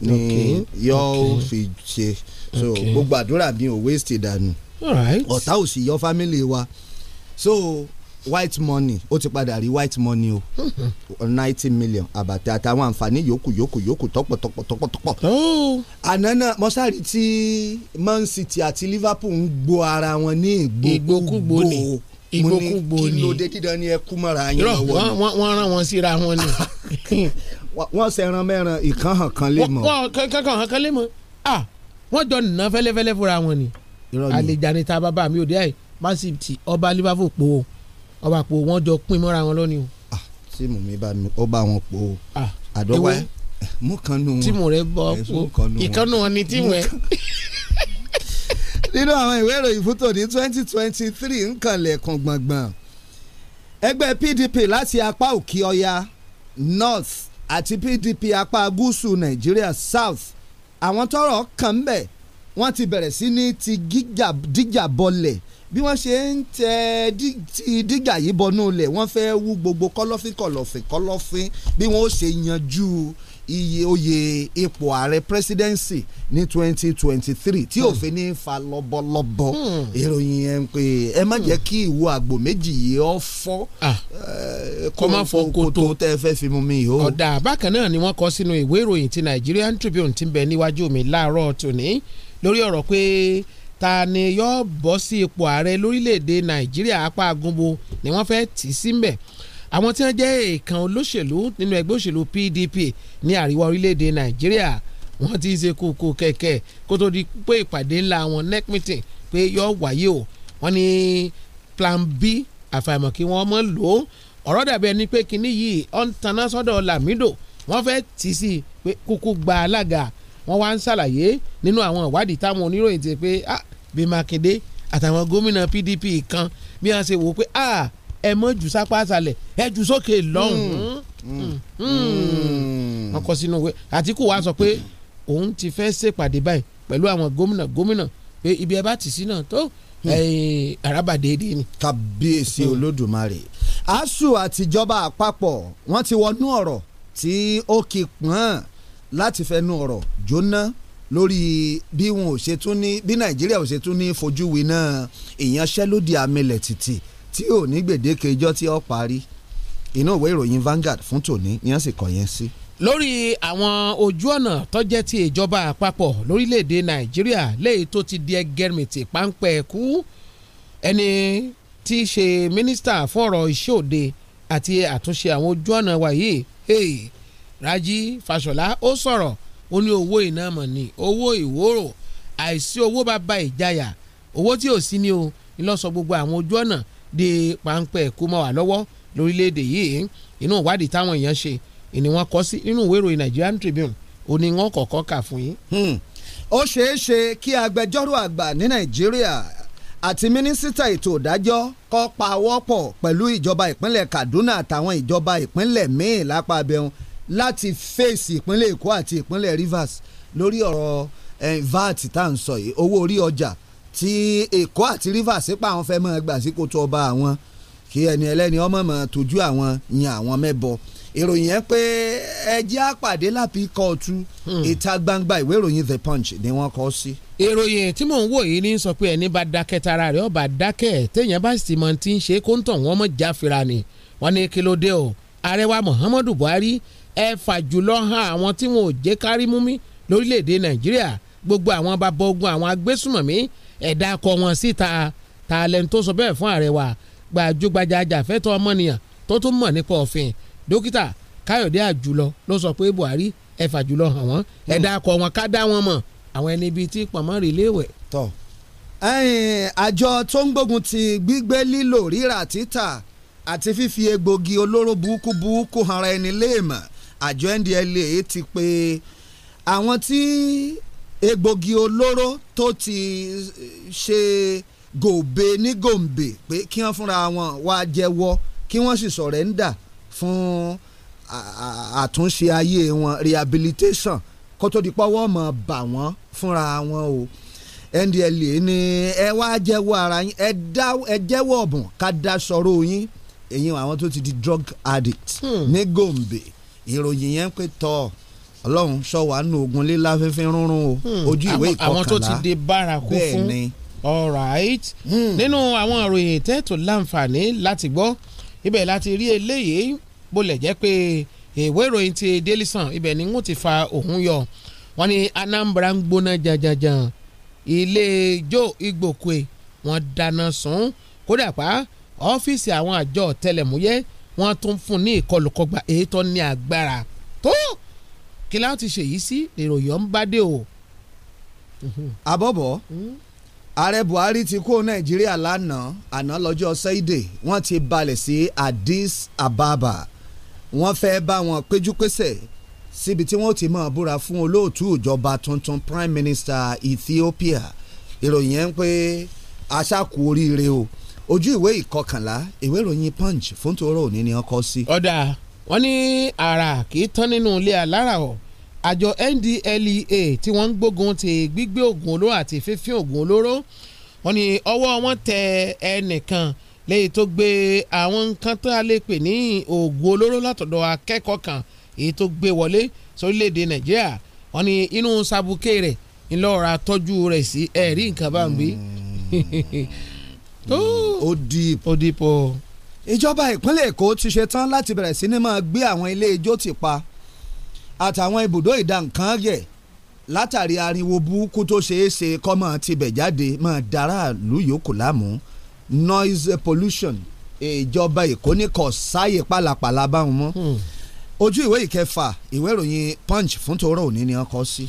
ni yóò fi ṣe so gbogbo àdúrà mi ò waste ìdànù ọ̀tá ò sì yọ family wa so white money ó ti padà rí white money o
hmm.
ninety million àbàtà àtàwọn àǹfààní yòókù yòókù yòókù tọpọtọpọ tọpọtọpọ. Oh. ànánà mọ́sárì tí Man City àti Liverpool ń gbo ara wọn ní ìgbókúgbò ni ìgbókúgbò ni kí ló dé dídán ni ẹ
kú mọ́ra yín lọ́wọ́. wọ́n rán wọn síra wọn ni wọ́n sẹran mẹ́ran ìkan hàn kan lè mọ̀. wọ́n kankan hàn kan lè mọ̀ ah wọ́n jọ nà fẹ́lẹ́fẹ́lẹ́ fúnra wọn ni àlejàni ta bàbá mi ò dé àyè massive ti ọba liverpool po ọba po wọ́n jọ pín mọ́ra wọn lónìí o. ah
tíìmù mi bá mi ó bá wọn po àdọ́wà mú kan nù wọn tíìmù rẹ bọ po ìkànnù
wọn ni tíìmù ẹ
nínú àwọn ìwé ìròyìn fún tòní twenty twenty three nkanlẹ̀kùn gbọ̀ngbọ̀n ẹgbẹ́ PDP láti apá òkè ọya north àti PDP apá gúúsù Nàìjíríà South àwọn tọ́rọ̀ kàn ń bẹ̀ wọ́n ti bẹ̀rẹ̀ sí ní ti díjà bọlẹ̀ bí wọ́n ṣe ń tẹ ti dígà yìí bọnú lẹ̀ wọ́n fẹ́ wú gbogbo kọ́lọ́fín kọ́lọ́fín kọ́lọ́fín bí wọ́n ó ṣe yanjú iye oyè ipò ààrẹ presidency ní twenty twenty three tí òfin hmm. ní fa lọ́bọ̀lọ́bọ̀ hmm. ìròyìn ẹ̀ ń pè ẹ má hmm. jẹ́ kí ìwo àgbò méjì yìí ọ fọ́ kó má fọ kòtò tẹ́ ẹ fẹ́ fi mú mi o.
ọ̀dà bákan náà ni wọ́n kọ sínú ìwé ìròyìn ti Nigerian Tribune ti ń bẹ níwájú mi láàárọ̀ tòní lórí ọ̀rọ̀ pé ta ni yóò bọ́ sí ipò ààrẹ lórílẹ̀‐èdè Nàìjíríà apá agunbo ni wọ́n fẹ́ tì í sí mbẹ̀ àwọn tí wọ́n jẹ́ èèkàn olóṣèlú nínú ẹgbẹ́ òṣèlú PDP ní àríwá orílẹ̀-èdè Nàìjíríà wọ́n ti ṣe kókó kẹ̀kẹ́ kó tó di pé ìpàdé ńlá wọn NEC meeting pé yọ wáyé o wọ́n ní plan B àfàìmọ̀ kí wọ́n mọ̀ lò ó ọ̀rọ̀ dàbí ẹni pé kinní yìí ọ̀n tanná sọ́dọ̀ Lamido wọ́n fẹ́ tì sí pé kúkú gba alága wọ́n wá ń ṣàlàyé nínú àwọn ìwádìí táwọn oníròyìn ti pé ah bí Makinde àtàwọn gómìnà PDP kan bí wọ́n ṣe wò ó pé ah ẹ mọ́ jù sápá àṣàlẹ̀ ẹ jù sókè lọ́hùn-ún mm. mm. mm. wọn kọ sínú ìwé Àtíkù wa sọ pé òun ti fẹ́ ṣèpàdé báyìí pẹ̀lú àwọn gómìnà gómìnà pé ibi ẹ bá tì sí náà tó hmm. àràbà déédéé ni. kábíyèsí hmm. olódùmarè
asuu àtijọba àpapọ̀ wọ́n ti wọnú ọ̀rọ̀ tí ó kì pọ́n láti fẹnu ọ̀rọ̀ jóná lórí bí wọn ò ṣe tún ní bí nàìjíríà ò ṣe tún ní fojú winá ìyanṣẹ́lódì amílẹ̀ tìtì tí ò ní gbèdéke ijọ́ tí ó parí inú ìwé ìròyìn Vanguard fún tòní ni wọ́n sì kọ yẹn sí.
lórí àwọn ojú ọ̀nà tọ́jẹ́ ti ìjọba àpapọ̀ lórílẹ̀‐èdè Nàìjíríà léyìí tó ti di ẹgẹrìmìtì páńpẹ́ kú ẹni tí í ṣe mínísítà fọ̀rọ̀ iṣẹ́ òde àti àtúnṣe àwọn ojú ọ̀nà wáyé hey, Rájí fasola ó sọ̀rọ̀ ó ní owó iná mọ̀ ní owó ìwòrò àìsí owó bàbá ìjayà owó tí ò sí ni o ńlọ́sọ gbogbo àwọn ojú ọ̀nà di páńpẹ́ kó mọ́ wà lọ́wọ́ lórílẹ̀‐èdè yìí inú ìwádìí táwọn èèyàn ṣe ni wọ́n kọ sí nínú ìwé ìròyìn Nigerian Tribune ó ní wọ́n kọ́kọ́ kà fún yín. Hmm. ó ṣeé ṣe kí agbẹjọ́rò àgbà ní
Nàìjíríà àti mínísítà ètò ìdájọ́ kó pawọ́pọ̀ pẹ̀lú ìjọba ìpínlẹ̀ Kaduna àtàwọn ìjọba ìpínlẹ̀ míì lápá abẹ́hùn láti fèsì ìpínlẹ̀ Èkó àti ìpínlẹ̀ Rivers lórí ọ̀rọ̀ eh, VAT tá à ń sọ yìí owó orí ọjà tí Èkó àti Rivers pa àwọn fẹ́ mọ́ gbà sí kótó ọba àwọn kí ẹni ẹlẹ́ni ọmọ mọ̀ tójú àwọn yan àwọn mẹ́bọ ìròyìn yẹn pé ẹjẹ́ àpàdé lápì kóòtù hmm. ìta gbangba ìwé ìròyìn The Punch ni wọ́n kọ́ sí.
ìròyìn tí mò ń wò yìí ní sọ pé ẹni bá dákẹ́ tara rẹ̀ ọba dákẹ́ téèyàn bá sì mọ̀ tí ń ṣe kó ń tàn wọ́n mọ̀ jáfira ni wọ́n ní kí ló dé o ààrẹ wa Muhammadu Buhari ẹ fàjùlọ hàn àwọn tí wọn ò jẹ́ kárí mú mi lórílẹ̀‐èdè Nàìjíríà gbogbo àwọn bàbá ogun àwọn agbésùmọ̀mí ẹ̀dá kọ wọn síta tààlẹ́ni tó sọ bẹ́ẹ̀ fún ààrẹ wa gbajúgbajà ajàfẹ́tọ̀ ọmọnìyàn tó tún mọ̀ nípa òfin dókítà káyọ̀dé àjùlọ ló sọ pé buhari ẹ̀fà jùlọ hàn wọ́n hmm. ẹ̀dá kọ wọn ká dá wọn mọ̀ àwọn ẹni bíi tí pọ̀mọ́ rè léwẹ̀. tọ́
àjọ tó ń gbógun ti gbígbé lílò rírà títà àti fífi egbògi olóró burúkú burúkú hanra ẹni léèmọ̀ àjọ NDLEA ti pé àwọn tí egbògi olóró tó ti eh, ṣe gòbè ní gòǹbè pé kí wọ́n fúnra wọn wá jẹ́wọ́ kí wọ́n sì sọ̀rẹ́ńdà fún àtúnṣe ayé wọn rehabilitation kó tó di pọ́wọ́ mọ̀ bà wọ́n fúnra wọn o NDLEA ni ẹ wá jẹ́wọ́ ara yín ẹ jẹ́wọ́ ọ̀bùn ká dá sọ̀rọ̀ yín èyí àwọn tó ti di drug addict hmm. ní gòǹbè ìròyìn yẹn pé tọ́ ọ ọlọ́run ṣọ́wá nù ogun lílá fífín rúnrún o
hmm. ojú ìwé ìkọkànlá àwọn tó ti de bárakú fún alright hmm. nínú àwọn ìròyìn tẹ́tù láǹfààní láti gbọ́ ibẹ̀ láti rí eléyìí bólẹ̀ jẹ́ pé ìwé ìròyìn ti Daily Sun ibẹ̀ ni wọ́n ti fa òun yọ wọ́n ní Anambra ń gbóná janjanjan ilé ijó Igbokwe wọ́n dáná sun kódà pa ọ́fíìsì àwọn àjọ ọ̀tẹlẹ̀múyẹ́ wọ́n tún fún ní ìkọlùkọgbà èyí tó ní agbára tó kí láwọn ti ṣèyí sí ìròyìn ọ̀hún bá dé o. àbọ̀bọ̀ mhm. hmm? ààrẹ
buhari ti kó nàìjíríà lánàá àná lọ́jọ́ sẹ́ìdè wọ́n ti balẹ̀ sí addis ababa wọ́n fẹ́ bá wọn péjúpésẹ̀ síbi tí wọ́n ti máa búra fún olóòtú ìjọba tuntun prime minister ethiopia ìròyìn ẹ̀ ń pé aṣáku oríire o ojú ìwé ìkọkànlá ìwé ìròyìn punch fún tòórọ́
òní ni wọ́n kọ sí. ọ̀dà wọ́n ní àrà kì í tán nínú ilé alára àjọ NDLEA tí wọ́n ń gbógun ti gbígbé oògùn olóró àti fífín oògùn olóró wọ́n ní ọwọ́ wọn tẹ ẹnìkan lẹ́yìn tó gbé àwọn nǹkan tó a lè pè ní oògùn olóró látọ̀dọ̀ akẹ́kọ̀ọ́ kan èyí tó gbé wọlé sórílẹ̀‐èdè Nàìjíríà wọ́n ní inú sabuké rẹ̀ ńlọ́ra tọ́jú rẹ̀ sí ẹ̀rí nǹkan bá ń bí. Mm. ó dìpọ̀ ó dìpọ̀ ìjọba ìpínlẹ̀
èkó ti ṣe tán láti bẹ̀rẹ̀ sí ni máa gbé àwọn ilé ijó ti pa àtàwọn ibùdó ìdàǹkanjẹ látàrí ariwo burúkú tó ṣeé ṣe kọ́ máa tibẹ̀ jáde máa dára ìlú yòókù láàmú noise pollution ìjọba èkó ní kò sáàyè pàlàpàlà báwọn mọ́ hmm. ojú ìwé ìkẹfà ìwé ìròyìn punch fún tòórọ́
òní ni wọ́n kọ sí.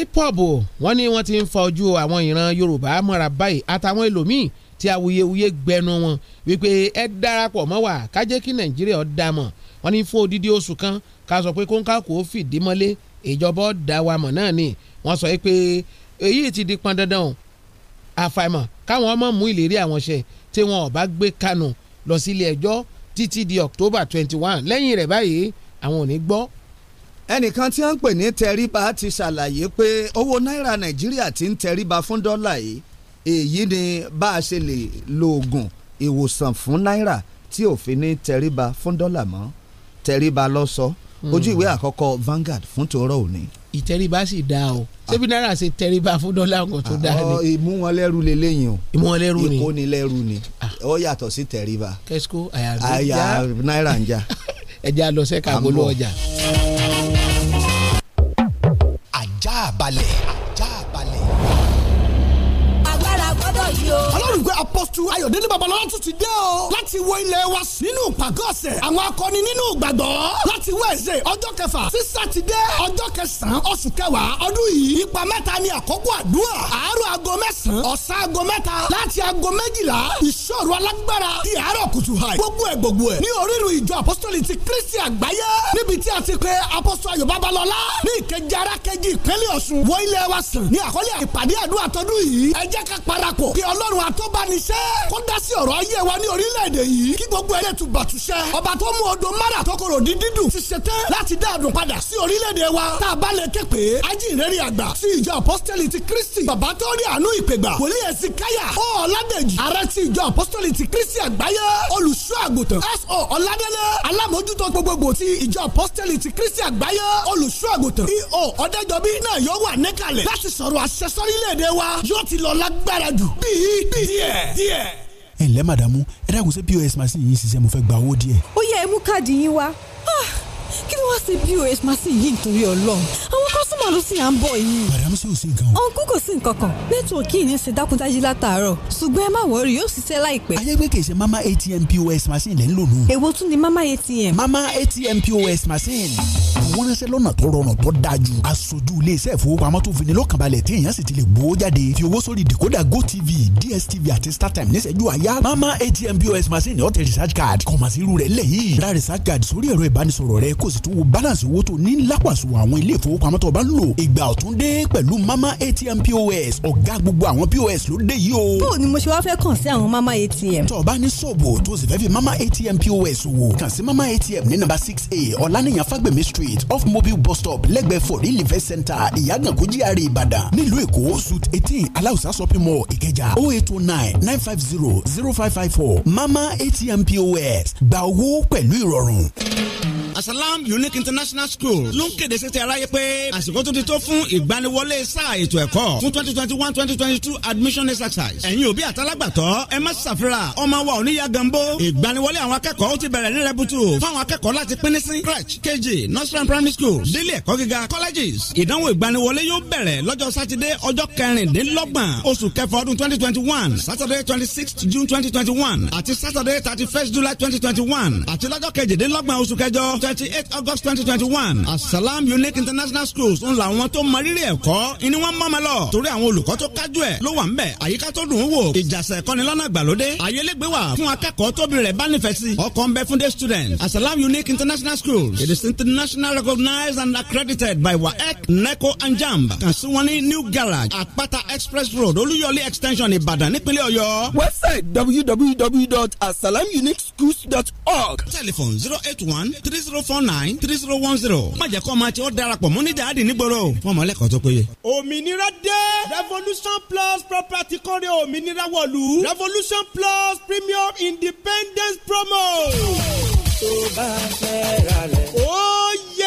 IPOB wọ́n ní wọ́n ti ń fa ojú àwọn ìran Yorùbá mọ́ra báyìí àtàwọn ẹlòmíì tí awuyewuye gbẹnu wọn wípé ẹ darapọ̀ mọ́ wa ká jẹ́ kí nàìjíríà ó dá mọ̀ wọ́n ní fún odidi oṣù kan ká sọ pé kóńkàkó fìdí mọ́lé ìjọba ọ̀dà wa mọ̀ náà ni wọ́n sọ pé èyí ti di pọn dandan o àfàìmọ̀ káwọn ọmọ mú ìlérí àwọn ṣẹ tí wọn ò gbé kanu lọ sí ilé ẹjọ́ títí di October twenty one lẹ́yìn rẹ̀ báyìí àwọn ò ní gbọ́. ẹnìkan tí wọ́n ń pè ní
tẹríba ti ṣàlàyé pé owó náírà nàìjíríà ti ń tẹríba fún dọ́là yìí èyí ni bá a ṣe lè lo oògùn ìwòsàn fún náírà tí òfin ní tẹríba fún dọ́là mọ́ tẹríba lọ́sọ hmm. ojú ìwé àkọ́kọ́ Vanguard fún tòórọ́ òní.
ìtẹríba sì dáa o ṣébi náírà ṣe tẹríba fún dọ́là nǹkan tó dáa ni. ìmú wọn lẹ́rù lélẹ́yìn
o ìmú wọn lẹ́rù ni ìkóni lẹ́rù ni ó yàtọ̀ sí tẹríba.
kẹ́síkó àyà náírà ń jà. ẹja lọ sẹ́ka gbólú ọjà. ajá balẹ̀.
báyìí o. olórùgbé apọ́sù ayọ̀délé babalọ́lá tún ti dé o. láti wo ilẹ̀ wa nínú ìpàgọ́ ọ̀sẹ̀ àwọn akọni nínú ìgbàgbọ́. láti wẹ̀ẹ́sẹ̀ ọjọ́ kẹfà sí sátidé ọjọ́ kẹsàn-án oṣù kẹwàá ọdún yìí. ipa mẹ́ta ni àkókò àdúrà. àárọ̀ aago mẹ́sàn-án ọ̀sán aago mẹ́ta láti aago méjìlá ìṣòro alágbára di àárọ̀ kùtù hàì. gbogbo ẹ̀ gbogbo ẹ̀ ní ti kristi àgbáyé níbi tí a ti pe apostol ayọ̀ babalọ́lá ní ìkejì ara kejì ìpínlẹ̀ ọ̀ṣun wo ilẹ̀ wa sàn ní àkọlé ìpàdé àdúrà tọdún yìí ẹ jẹ́ ká parapọ̀ pé ọlọ́run àtọ́bániṣẹ́ kó dá sí ọ̀rọ̀ ayé wa ní orílẹ̀-èdè yìí kí gbogbo ẹ̀rẹ́ tún bàtúṣẹ́ ọba tó mú odò mara tọkọrọ dídídùn ti ṣetán láti dá àdùn padà sí orílẹ̀-èdè wa tá a bá lè ké pé ajínrere àgbà sí ìjọ apọ́sítẹ́lì ti kristi bàbá tó rí àánú ìpègbà wòlíì ẹ̀sìn káyà ó ọ̀làdẹ̀jì ààrẹ ti ìjọ apọ́sítẹ́lì ti kristi àgbáyé olùṣọ́ àgùntàn s.o. ọ̀làdẹ́lẹ̀ alámòjútó gbogbogbò ti ìjọ apọ́sítẹ́lì ti kristi àgbáyé olùṣọ́ àgùntàn e.o. ọ̀dẹ́jọ́bí náà yóò wà níkàlẹ̀ láti sọ̀rọ̀ àṣẹ sórílẹ̀-èdè wa yóò ti lọ lágbára jù bí
díẹ̀ díẹ̀.
ẹ ǹlẹ́ màdàmú ẹ dákun ṣé pọ́s machine yìí ṣiṣẹ́ mo fẹ́ gba owó díẹ̀.
ó yẹ ẹ káàdì yín wá. Ah! kí ló wá ṣe pos machine yìí nítorí ọlọ́run àwọn kọ́sọ́mà ló sì à ń bọ̀ yìí. bàdàmú sí òsín kan. ọ̀nkú kò sí nǹkan kan nẹ́tíwọ̀kì yìí ń ṣe dákúndájí látàárọ̀
ṣùgbọ́n ẹ má wọrí yóò ṣiṣẹ́ láìpẹ́. ayégbé kì í ṣe mama atm pos machine lẹ́ ń lò nù. èwo tún ni mama atm. mama atm pos machine wọ́n ránṣẹ́ lọ́nà tó rọrùn tó dájú.
aṣojú iléeṣẹ́ ìfowópamọ́ tó fi ní lọ́kànbalẹ̀ tí èèyàn sì ti lè gbowó jáde. fi owó sórí decoder gotv dstv àti startime níṣẹ́jú àyà. mama atm pos machine ọ̀tẹ̀ research card kọ̀mọ̀sí irú rẹ̀ research card sórí ẹ̀rọ ìbánisọ̀rọ̀ rẹ kó kò wo balance owó tó ní lápàṣù àwọn ilé ìfowópamọ́ tó bá ń lò ìgbà ọ̀tun dé pẹ̀lú mama atm pos ọ̀gá gbogbo àwọn pos ló dé yìí o. bó o ni mo ṣe wá fẹ́ kàn sí àwọn mama atm. tó bá ní ṣọ́ọ̀bù tó o sì fẹ́ fi mama atm pos wò kàn sí mama atm ní nàmbà six a ọ̀lànìyàn fagbemi street off mobile bus stop lẹ́gbẹ̀ẹ́ for real event center ìyàgànkó gr ìbàdàn nílùú èkó suit eighteen aláùsá shopping mall ìkẹjà o oh eight o oh nine nine five zero zero five five four mama atm pos gba owó pẹ̀lú ìrọ̀rùn
asalam unique international school ló ń kéde sétí aráyé pé àsìkò tó ti tó fún ìgbaniwọlé sáà ètò ẹ̀kọ́ fún twenty twenty one twenty twenty two admission exercise ẹ̀yin òbí àtàlágbàtọ́ ẹ má ṣàfira ọmọ wa ò ní ya gambo ìgbaniwọlé àwọn akẹ́kọ̀ọ́ ó ti bẹ̀rẹ̀ ní rẹ́bùtù fáwọn akẹ́kọ̀ọ́ láti pín ní sí crèche kejì nursery primary school délé ẹ̀kọ́ gíga colleges ìdánwò ìgbaniwọlé yóò bẹ̀rẹ̀ lọ́jọ́ sátidé ọjọ́ kẹrìndínlọ́gbọ̀n oṣù kẹfà ọdún twenty twenty one saturday twenty six june twenty twenty one àti saturday thirty first july twenty twenty one àti lọ́jọ́ kejìdínlọ́gbọ̀n oṣù kẹjọ twenty eight august twenty twenty one asalam unique international schools ń la àwọn tó mọrírì ẹ̀kọ́ ni wọ́n mọ́ mi lọ torí àwọn olùkọ́ tó kájú ẹ̀ ló wà ń bẹ̀ àyíká tó dùn ún wò ìjàsẹ̀ ẹ̀kọ́ni lọ́nà gbàlódé ayélégbé wà fún akẹ́kọ̀ọ́ tóbi rẹ̀ bá nífẹ̀ẹ́ sí ọkọ̀ ń bẹ fún day students asalam unique international schools it is internationally recognized and accredited by waec neco and jamb kàn sí wọn ní new garage àpáta express road olúyọlé extension ìbàdàn nípínlẹ̀ ọ̀yọ́. website www.asalamuniqueschools.org telephone zero eight one three zero four nine three zero one zero. má jẹ́ kó máa ti ọ́ darapọ̀ mọ́ ní dáàdì nígboro fọmọ lẹ́kọ̀ọ́ tó péye. òmìnira dé revolution plus property kọ́rẹ́ òmìnira wọ̀lú revolution plus premium independence promo. tó bá fẹ́ ra lẹ̀. ó yẹ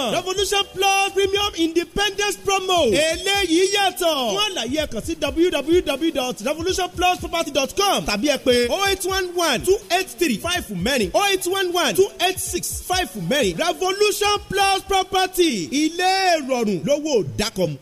náà. revolution plus premium independence promo. eléyìí yàtọ̀. fún àlàyé ẹ kàn sí www.revolutionplusproperty.com
tàbí ẹ pè oh eight one one two eight three five fún mẹ́rin oh eight one one two eight
six five fún mẹ́rin revolution plus property ilé ìrọ̀rùn lówó
dákọ̀mù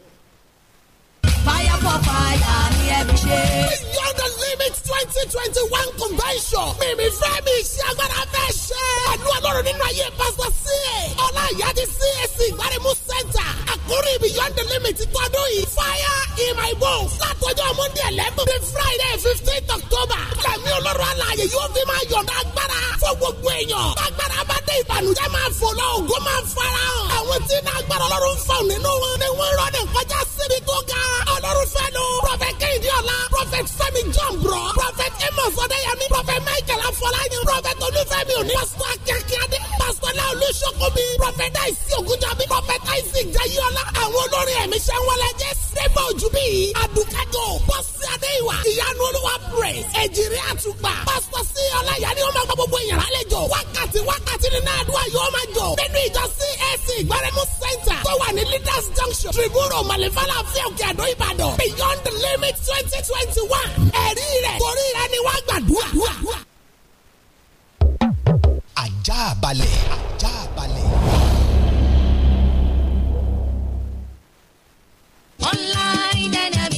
fire for fire ni ẹ fi ṣe. beyond the limit twenty twenty one convention mímí fẹ́mi iṣẹ́ agbára fẹ́ ṣe. pẹ̀lú ọlọ́run nínú ayé pásítọ̀ sí ẹ̀. ọlá ìyá ti CAC ìgbàremú center. àkórí beyond the limit tọdún yìí. fire in my bones. látọjọ́ monday eleven bíi friday fifteen october. lẹ́mí ọlọ́run alààyè yóò fi máa yọ̀ǹda agbára fún gbogbo èèyàn. agbára bá dé ìbànújẹ́ máa fò lọ ògo máa fara hàn. àwọn tí ní agbára ọlọ́run fọ̀ nínú wọn ni wọ́n rọ́ ní kọjá níbi tó ga ọlọ́run fẹ́nu prophet kẹ́hìndé ọ̀la prophet fẹ́mi john bro prophet amos ọ̀dẹ́yẹmí prophet michael afọláyàn prophet olúfẹ́mi òní pásítọ̀ akẹ́kẹ́ adé pásítọ́lá olùsókòbí prọfẹ̀tà ìsì ògùnjọ́bí prọfẹ̀tà ìsì jayọ́lá àwọn olórin ẹ̀mí sẹ́wọ́lẹ̀ jẹ́ sẹ́bà òjúbí àdùkájọ bọ́sì adéyíwá ìyanu olúwa press ẹ̀jìrì àtùpà pásítọ̀ sí ọláyà ni ó máa gba gbogbo ìyàrá àlejò wákàtí wákàtí nínú àdúrà yóò máa jọ nínú ìjọ CAC ìgbárẹ́mú center tó wà ní leaders junction tribunal malefala fíọ̀kì àdó ìbàdàn beyond the limit twenty twenty one ẹ̀rí rẹ̀ torí rẹ̀ ni wọ́n gbàdúrà ajá balẹ̀. ajá balẹ̀.
online
enemy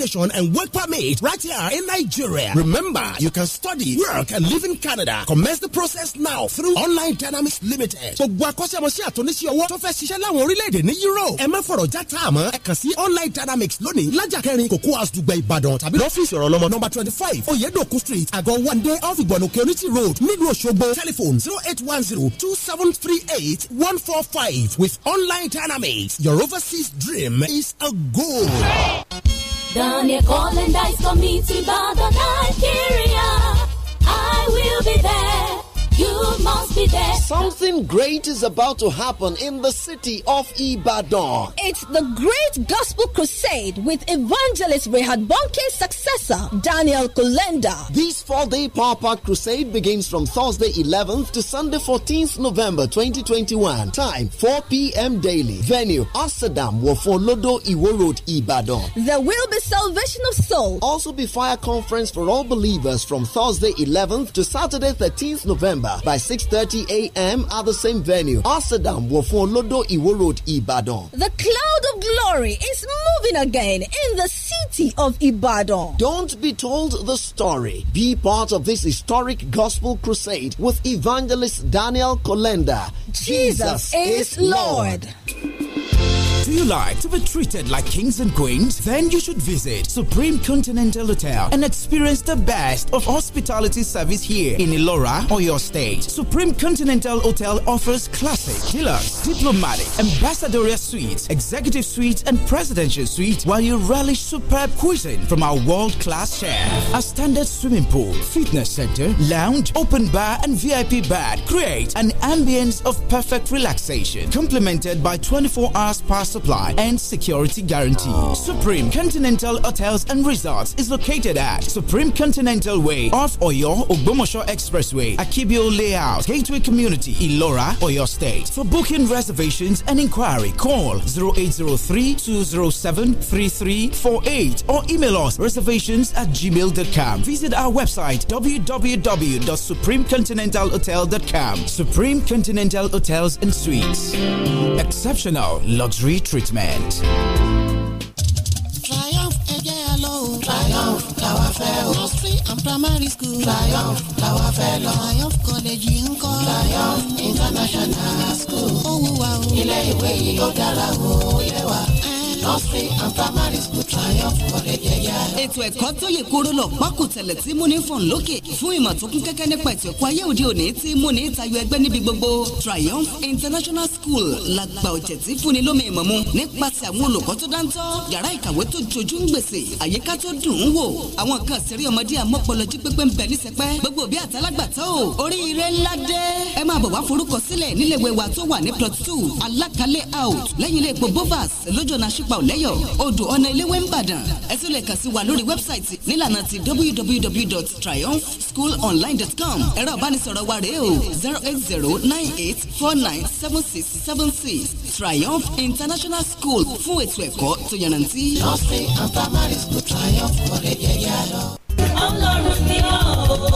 accommodation, and work permit right here in Nigeria. Remember, you can study, work, and live in Canada. Commence the process now through Online
Dynamics Limited. Gbogbo akọ́ṣẹ́mọṣẹ́ àtúnṣe ọwọ́ tó fẹ́ ṣiṣẹ́ láwọn orílẹ̀-èdè
ní Europe. Ẹ má
fọ̀rọ̀ já tá a mọ́. Ẹ kàn sí Online Dynamics lónìí. Lájà kẹrin Cocoa House Dùgbẹ̀ Ìbàdàn tàbí lọ́fíìsì ọ̀rọ̀ lọ́mọ. Nọmba twenty five Oyedoku street Àgọ́ Wande off Ìgbọ̀nùkẹ́ Oníṣì road nílùú Òṣogbo. Telephone zero eight one zero
two seven three eight one four five with Online Dynamics. Your overseas dream is a goal. Daniel and dies for
me to Bagan Nigeria. I will be there.
Something great is about to happen in the city of Ibadan.
It's the
Great Gospel Crusade with
evangelist Rehad Bonke's
successor, Daniel Kulenda. This four-day Power Crusade begins from Thursday 11th to Sunday 14th
November 2021. Time 4 p.m. daily. Venue Amsterdam Wofolodo Iwo Road, Ibadan.
There will be salvation of soul. Also be fire conference for
all believers from Thursday 11th to Saturday 13th November by 6.30 a.m. at the same venue. Asadam Wofun Lodo Iwo Road, Ibadan.
The cloud of glory is moving again in the city of Ibadan. Don't be told the
story. Be part of this historic gospel crusade with evangelist Daniel Kolenda. Jesus, Jesus is, Lord.
Lord. Do you like to be treated like kings and queens? Then you should visit Supreme Continental Hotel and experience the best of hospitality service here in Elora or your state. Supreme Continental Hotel offers classic, deluxe, diplomatic, ambassadorial suites, executive suites, and presidential suites while you relish superb cuisine from our world-class chef. A standard swimming pool, fitness center, lounge, open bar, and VIP bar create an ambience of perfect relaxation, complemented by 24 hours spa supply and security guarantee. Supreme Continental Hotels and Resorts is located at Supreme Continental Way off Oyo Ogbomosho Expressway, Akibio Lake. Layout, Gateway Community, Elora, Oyo State. For booking reservations and inquiry, call 0803-207-3348 or email us reservations at gmail.com. Visit our website www.supremecontinentalhotel.com. Supreme Continental Hotels and Suites. Exceptional luxury treatment.
Fly Triumph làwa fẹ́ o. nursery
and primary school. Triumph làwa fẹ́ lọ. Triumph college yìí ń kọ́. Triumph international school. ó wù wá o. ilé ìwé yìí ó dára o ilé
wa nursery and primary school triumph college ẹ̀yà. ètò ẹ̀kọ́ tó yè kóró lọ pákó tẹ̀lẹ̀ tí múni fọ̀n lókè fún ìmọ̀ tó kún kẹ́kẹ́ nípa ètò ẹ̀kọ́ ayé òde òní tí múni tayọ ẹgbẹ́ níbi gbogbo triumph international school làgbà ọ̀jẹ̀ tí fúnni lómi ìmọ̀ mu nípasẹ̀ àwọn olùkọ́ tó dáńtọ́ yàrá ìkàwé tó jojú ń gbèsè àyíká tó dùn ún wò àwọn kan ṣeré ọmọdé àmọ́pọ̀lọ́jí pépé ń bẹ ní sẹpẹ́ gbogbo òbí àtàlágbàtọ́ ò oríire ńlá dé ẹ máa bọ̀ wá forúkọ sílẹ̀ níléèwé wa tó wà ní plot two alákálẹ̀ out lẹ́yìn ilé epo bovas lójó náà ṣípa ọba ọ̀lẹ́yọ̀ odò ọ̀nà eléwé ńbàdàn ẹ tún lè kàn sí wa lórí wẹ́bsáìtì nílànà ti www.triumphschoolonline.com ẹ̀rọ ìbánisọ̀rọ̀ wa rèé o zero eight zero nine eight four nine seven six seven six Triumph International School fún ètò ẹ̀kọ́ tó yànnàntí. lọ́sìn àtàmárìsì triumph kò lè jẹ́ yá lọ ọlọ́run ni ó.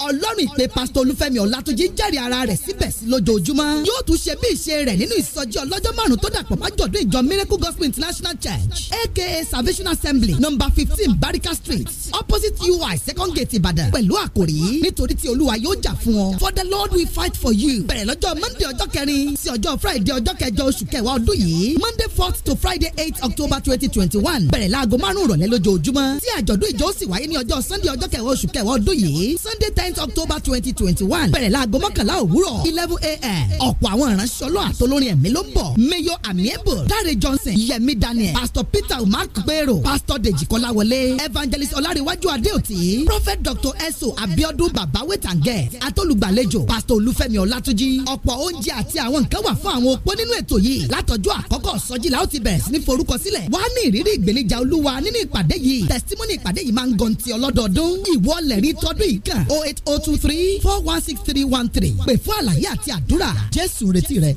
ọlọ́run ìpè pásítọ̀ olúfẹ́mi ọ̀làtúnjì ń jẹ́rìí ara rẹ̀ síbẹ̀ sí lójoojúmọ́ yóò tún ṣe bí ìṣe rẹ̀ nínú ìsọjí ọlọ́jọ́ márùn tó dàpọ̀ májọ̀dún ìjọ miracle gospel international church aka salvation assembly number fifteen barika street opposite ui second gate ìbàdàn pẹ̀lú àkòrí nítorí tí olúwa yóò jà fún ọ for the lord we fight for you bẹ̀rẹ̀ lọ́jọ́ monday ọjọ́ kẹrin sí ọjọ́ friday ọjọ́ kẹjọ oṣù kẹwàá ọdún yìí monday fourth to friday eight october twenty twenty one bẹ̀rẹ̀ láago márùn-ún ìrọ̀lẹ́ lójoojúmọ́ tí àjọ̀dún ìjọ sì wáyé ní ọjọ́ sunday ọjọ́ kẹwàá oṣù kẹwàá ọdún yìí sunday tenth october twenty twenty one bẹ̀rẹ̀ láago mọ́kànlá òwúrọ̀ eleven a.m. ọ̀pọ̀ àwọn ìránṣẹ́ ọlọ́ àtolórin ẹ̀mí ló ń bọ̀ mayor amiable dare johnson yemi daniel pastor peter umak gbero pastor deji kọ́láwọlé evangelist ọlárẹ̀wájú adéòtí prophet dr eso abiodun baba wetange atolùgbàlejò pastor olúfẹ́mi ọlátúnjí ọ̀pọ̀ oúnjẹ àti àwọn nǹkan wà fún àwọn opó nínú ètò yìí látọjọ́ àkọ́kọ́ sọjìlá ó ti bẹ̀rẹ̀ sí ní forúkọsílẹ̀ wàá ní ìrírí ìgbènijà olúwa nínú ìpàdé yìí testimony ìpàdé yìí máa ń gan ti ọlọ́dọọdún ìwọ lẹ́rìí tọdún yìí kàn oh eight oh two three four one six three one three pè fún àlàyé àti àdúrà jésù
retí rẹ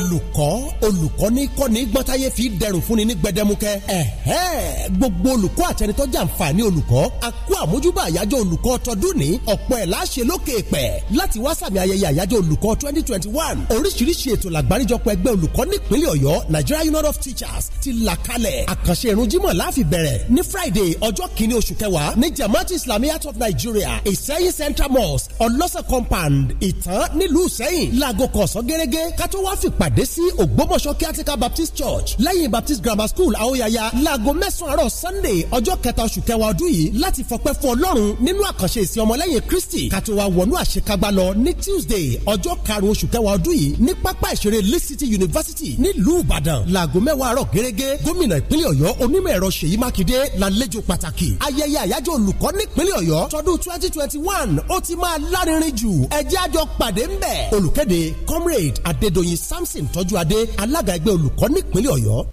olùkọ́ olùkọ́ ní kọ́ni gbọ́táyé fi dẹrùn fúnni ní gbẹdẹmukẹ. ẹ̀hẹ́ gbogbo olùkọ́ àtẹnitọ́ jàǹfààní olùkọ́ a kú àmójúbà àyájọ́ olùkọ́ tọdún ní ọ̀pọ̀ ẹ̀ láṣẹ lókè pẹ̀ láti wá sàmì ayẹyẹ àyájọ́ olùkọ́ twenty twenty one oríṣiríṣi ètò làgbáríjọpọ̀ ẹgbẹ́ olùkọ́ nípínlẹ̀ ọ̀yọ́ Nigeria Union of Teachers ti là kalẹ̀ àkànṣe ìrun jímọ̀ la fi bẹ̀rẹ̀ ní Friday ọjọ́ kìíní oṣù kẹwàá ní Jamaat Islamiyat of Nigeria Ìsẹ́yìn Central Mosque ọlọ́sẹ̀ compound ìtàn nílùú Ìsẹ́yìn láago kọ̀ọ̀sán gẹ́gẹ́ ká tó wá fìp pàdé sí Ògbómọ̀ṣọ́ kíátíkà Baptist Church
lẹ́yìn Baptist Grammar School Aóyaya láago mẹ́sàn-án àárọ̀ Sunday ọjọ́ kẹta oṣù kẹwàá ọdún yìí láti
fọpẹ́ fún Ọlọ́run nínú àkànṣe ìsìn ọmọlẹ́yìn Kristi kàtó wa wọnú àṣekágbá lọ ní Tuesday ọjọ́ karùn-ún oṣù kẹwàá ọdún yìí ní pápá ìṣeré Lee City University nílùú Ìbàdàn láago mẹ́wàá àárọ̀ gẹ́gẹ́ gómìnà ìpínlẹ̀ Ọ̀yọ́ onímọ̀ ẹ̀rọ Ṣèyí Mákindé lálejò pàtàkì ayẹyẹ àyájọ́ olùkọ́ nípínlẹ̀ Ọ̀yọ́ tọdún twenty twenty one ó ti máa lárinrin jù ẹjẹ́ àjọ pàdé ńbẹ̀ olùkéde comrade Adédoyin sam samson tọ́júadé alága ẹgbẹ́ olùkọ́ nípínlẹ̀ ọ̀yọ́.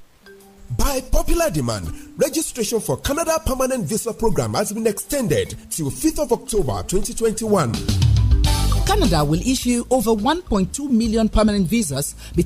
By popular demand, registration for Canada Permanent Visa Program has been extended till 5th of October 2021. Canada will issue over 1.2 million permanent visas between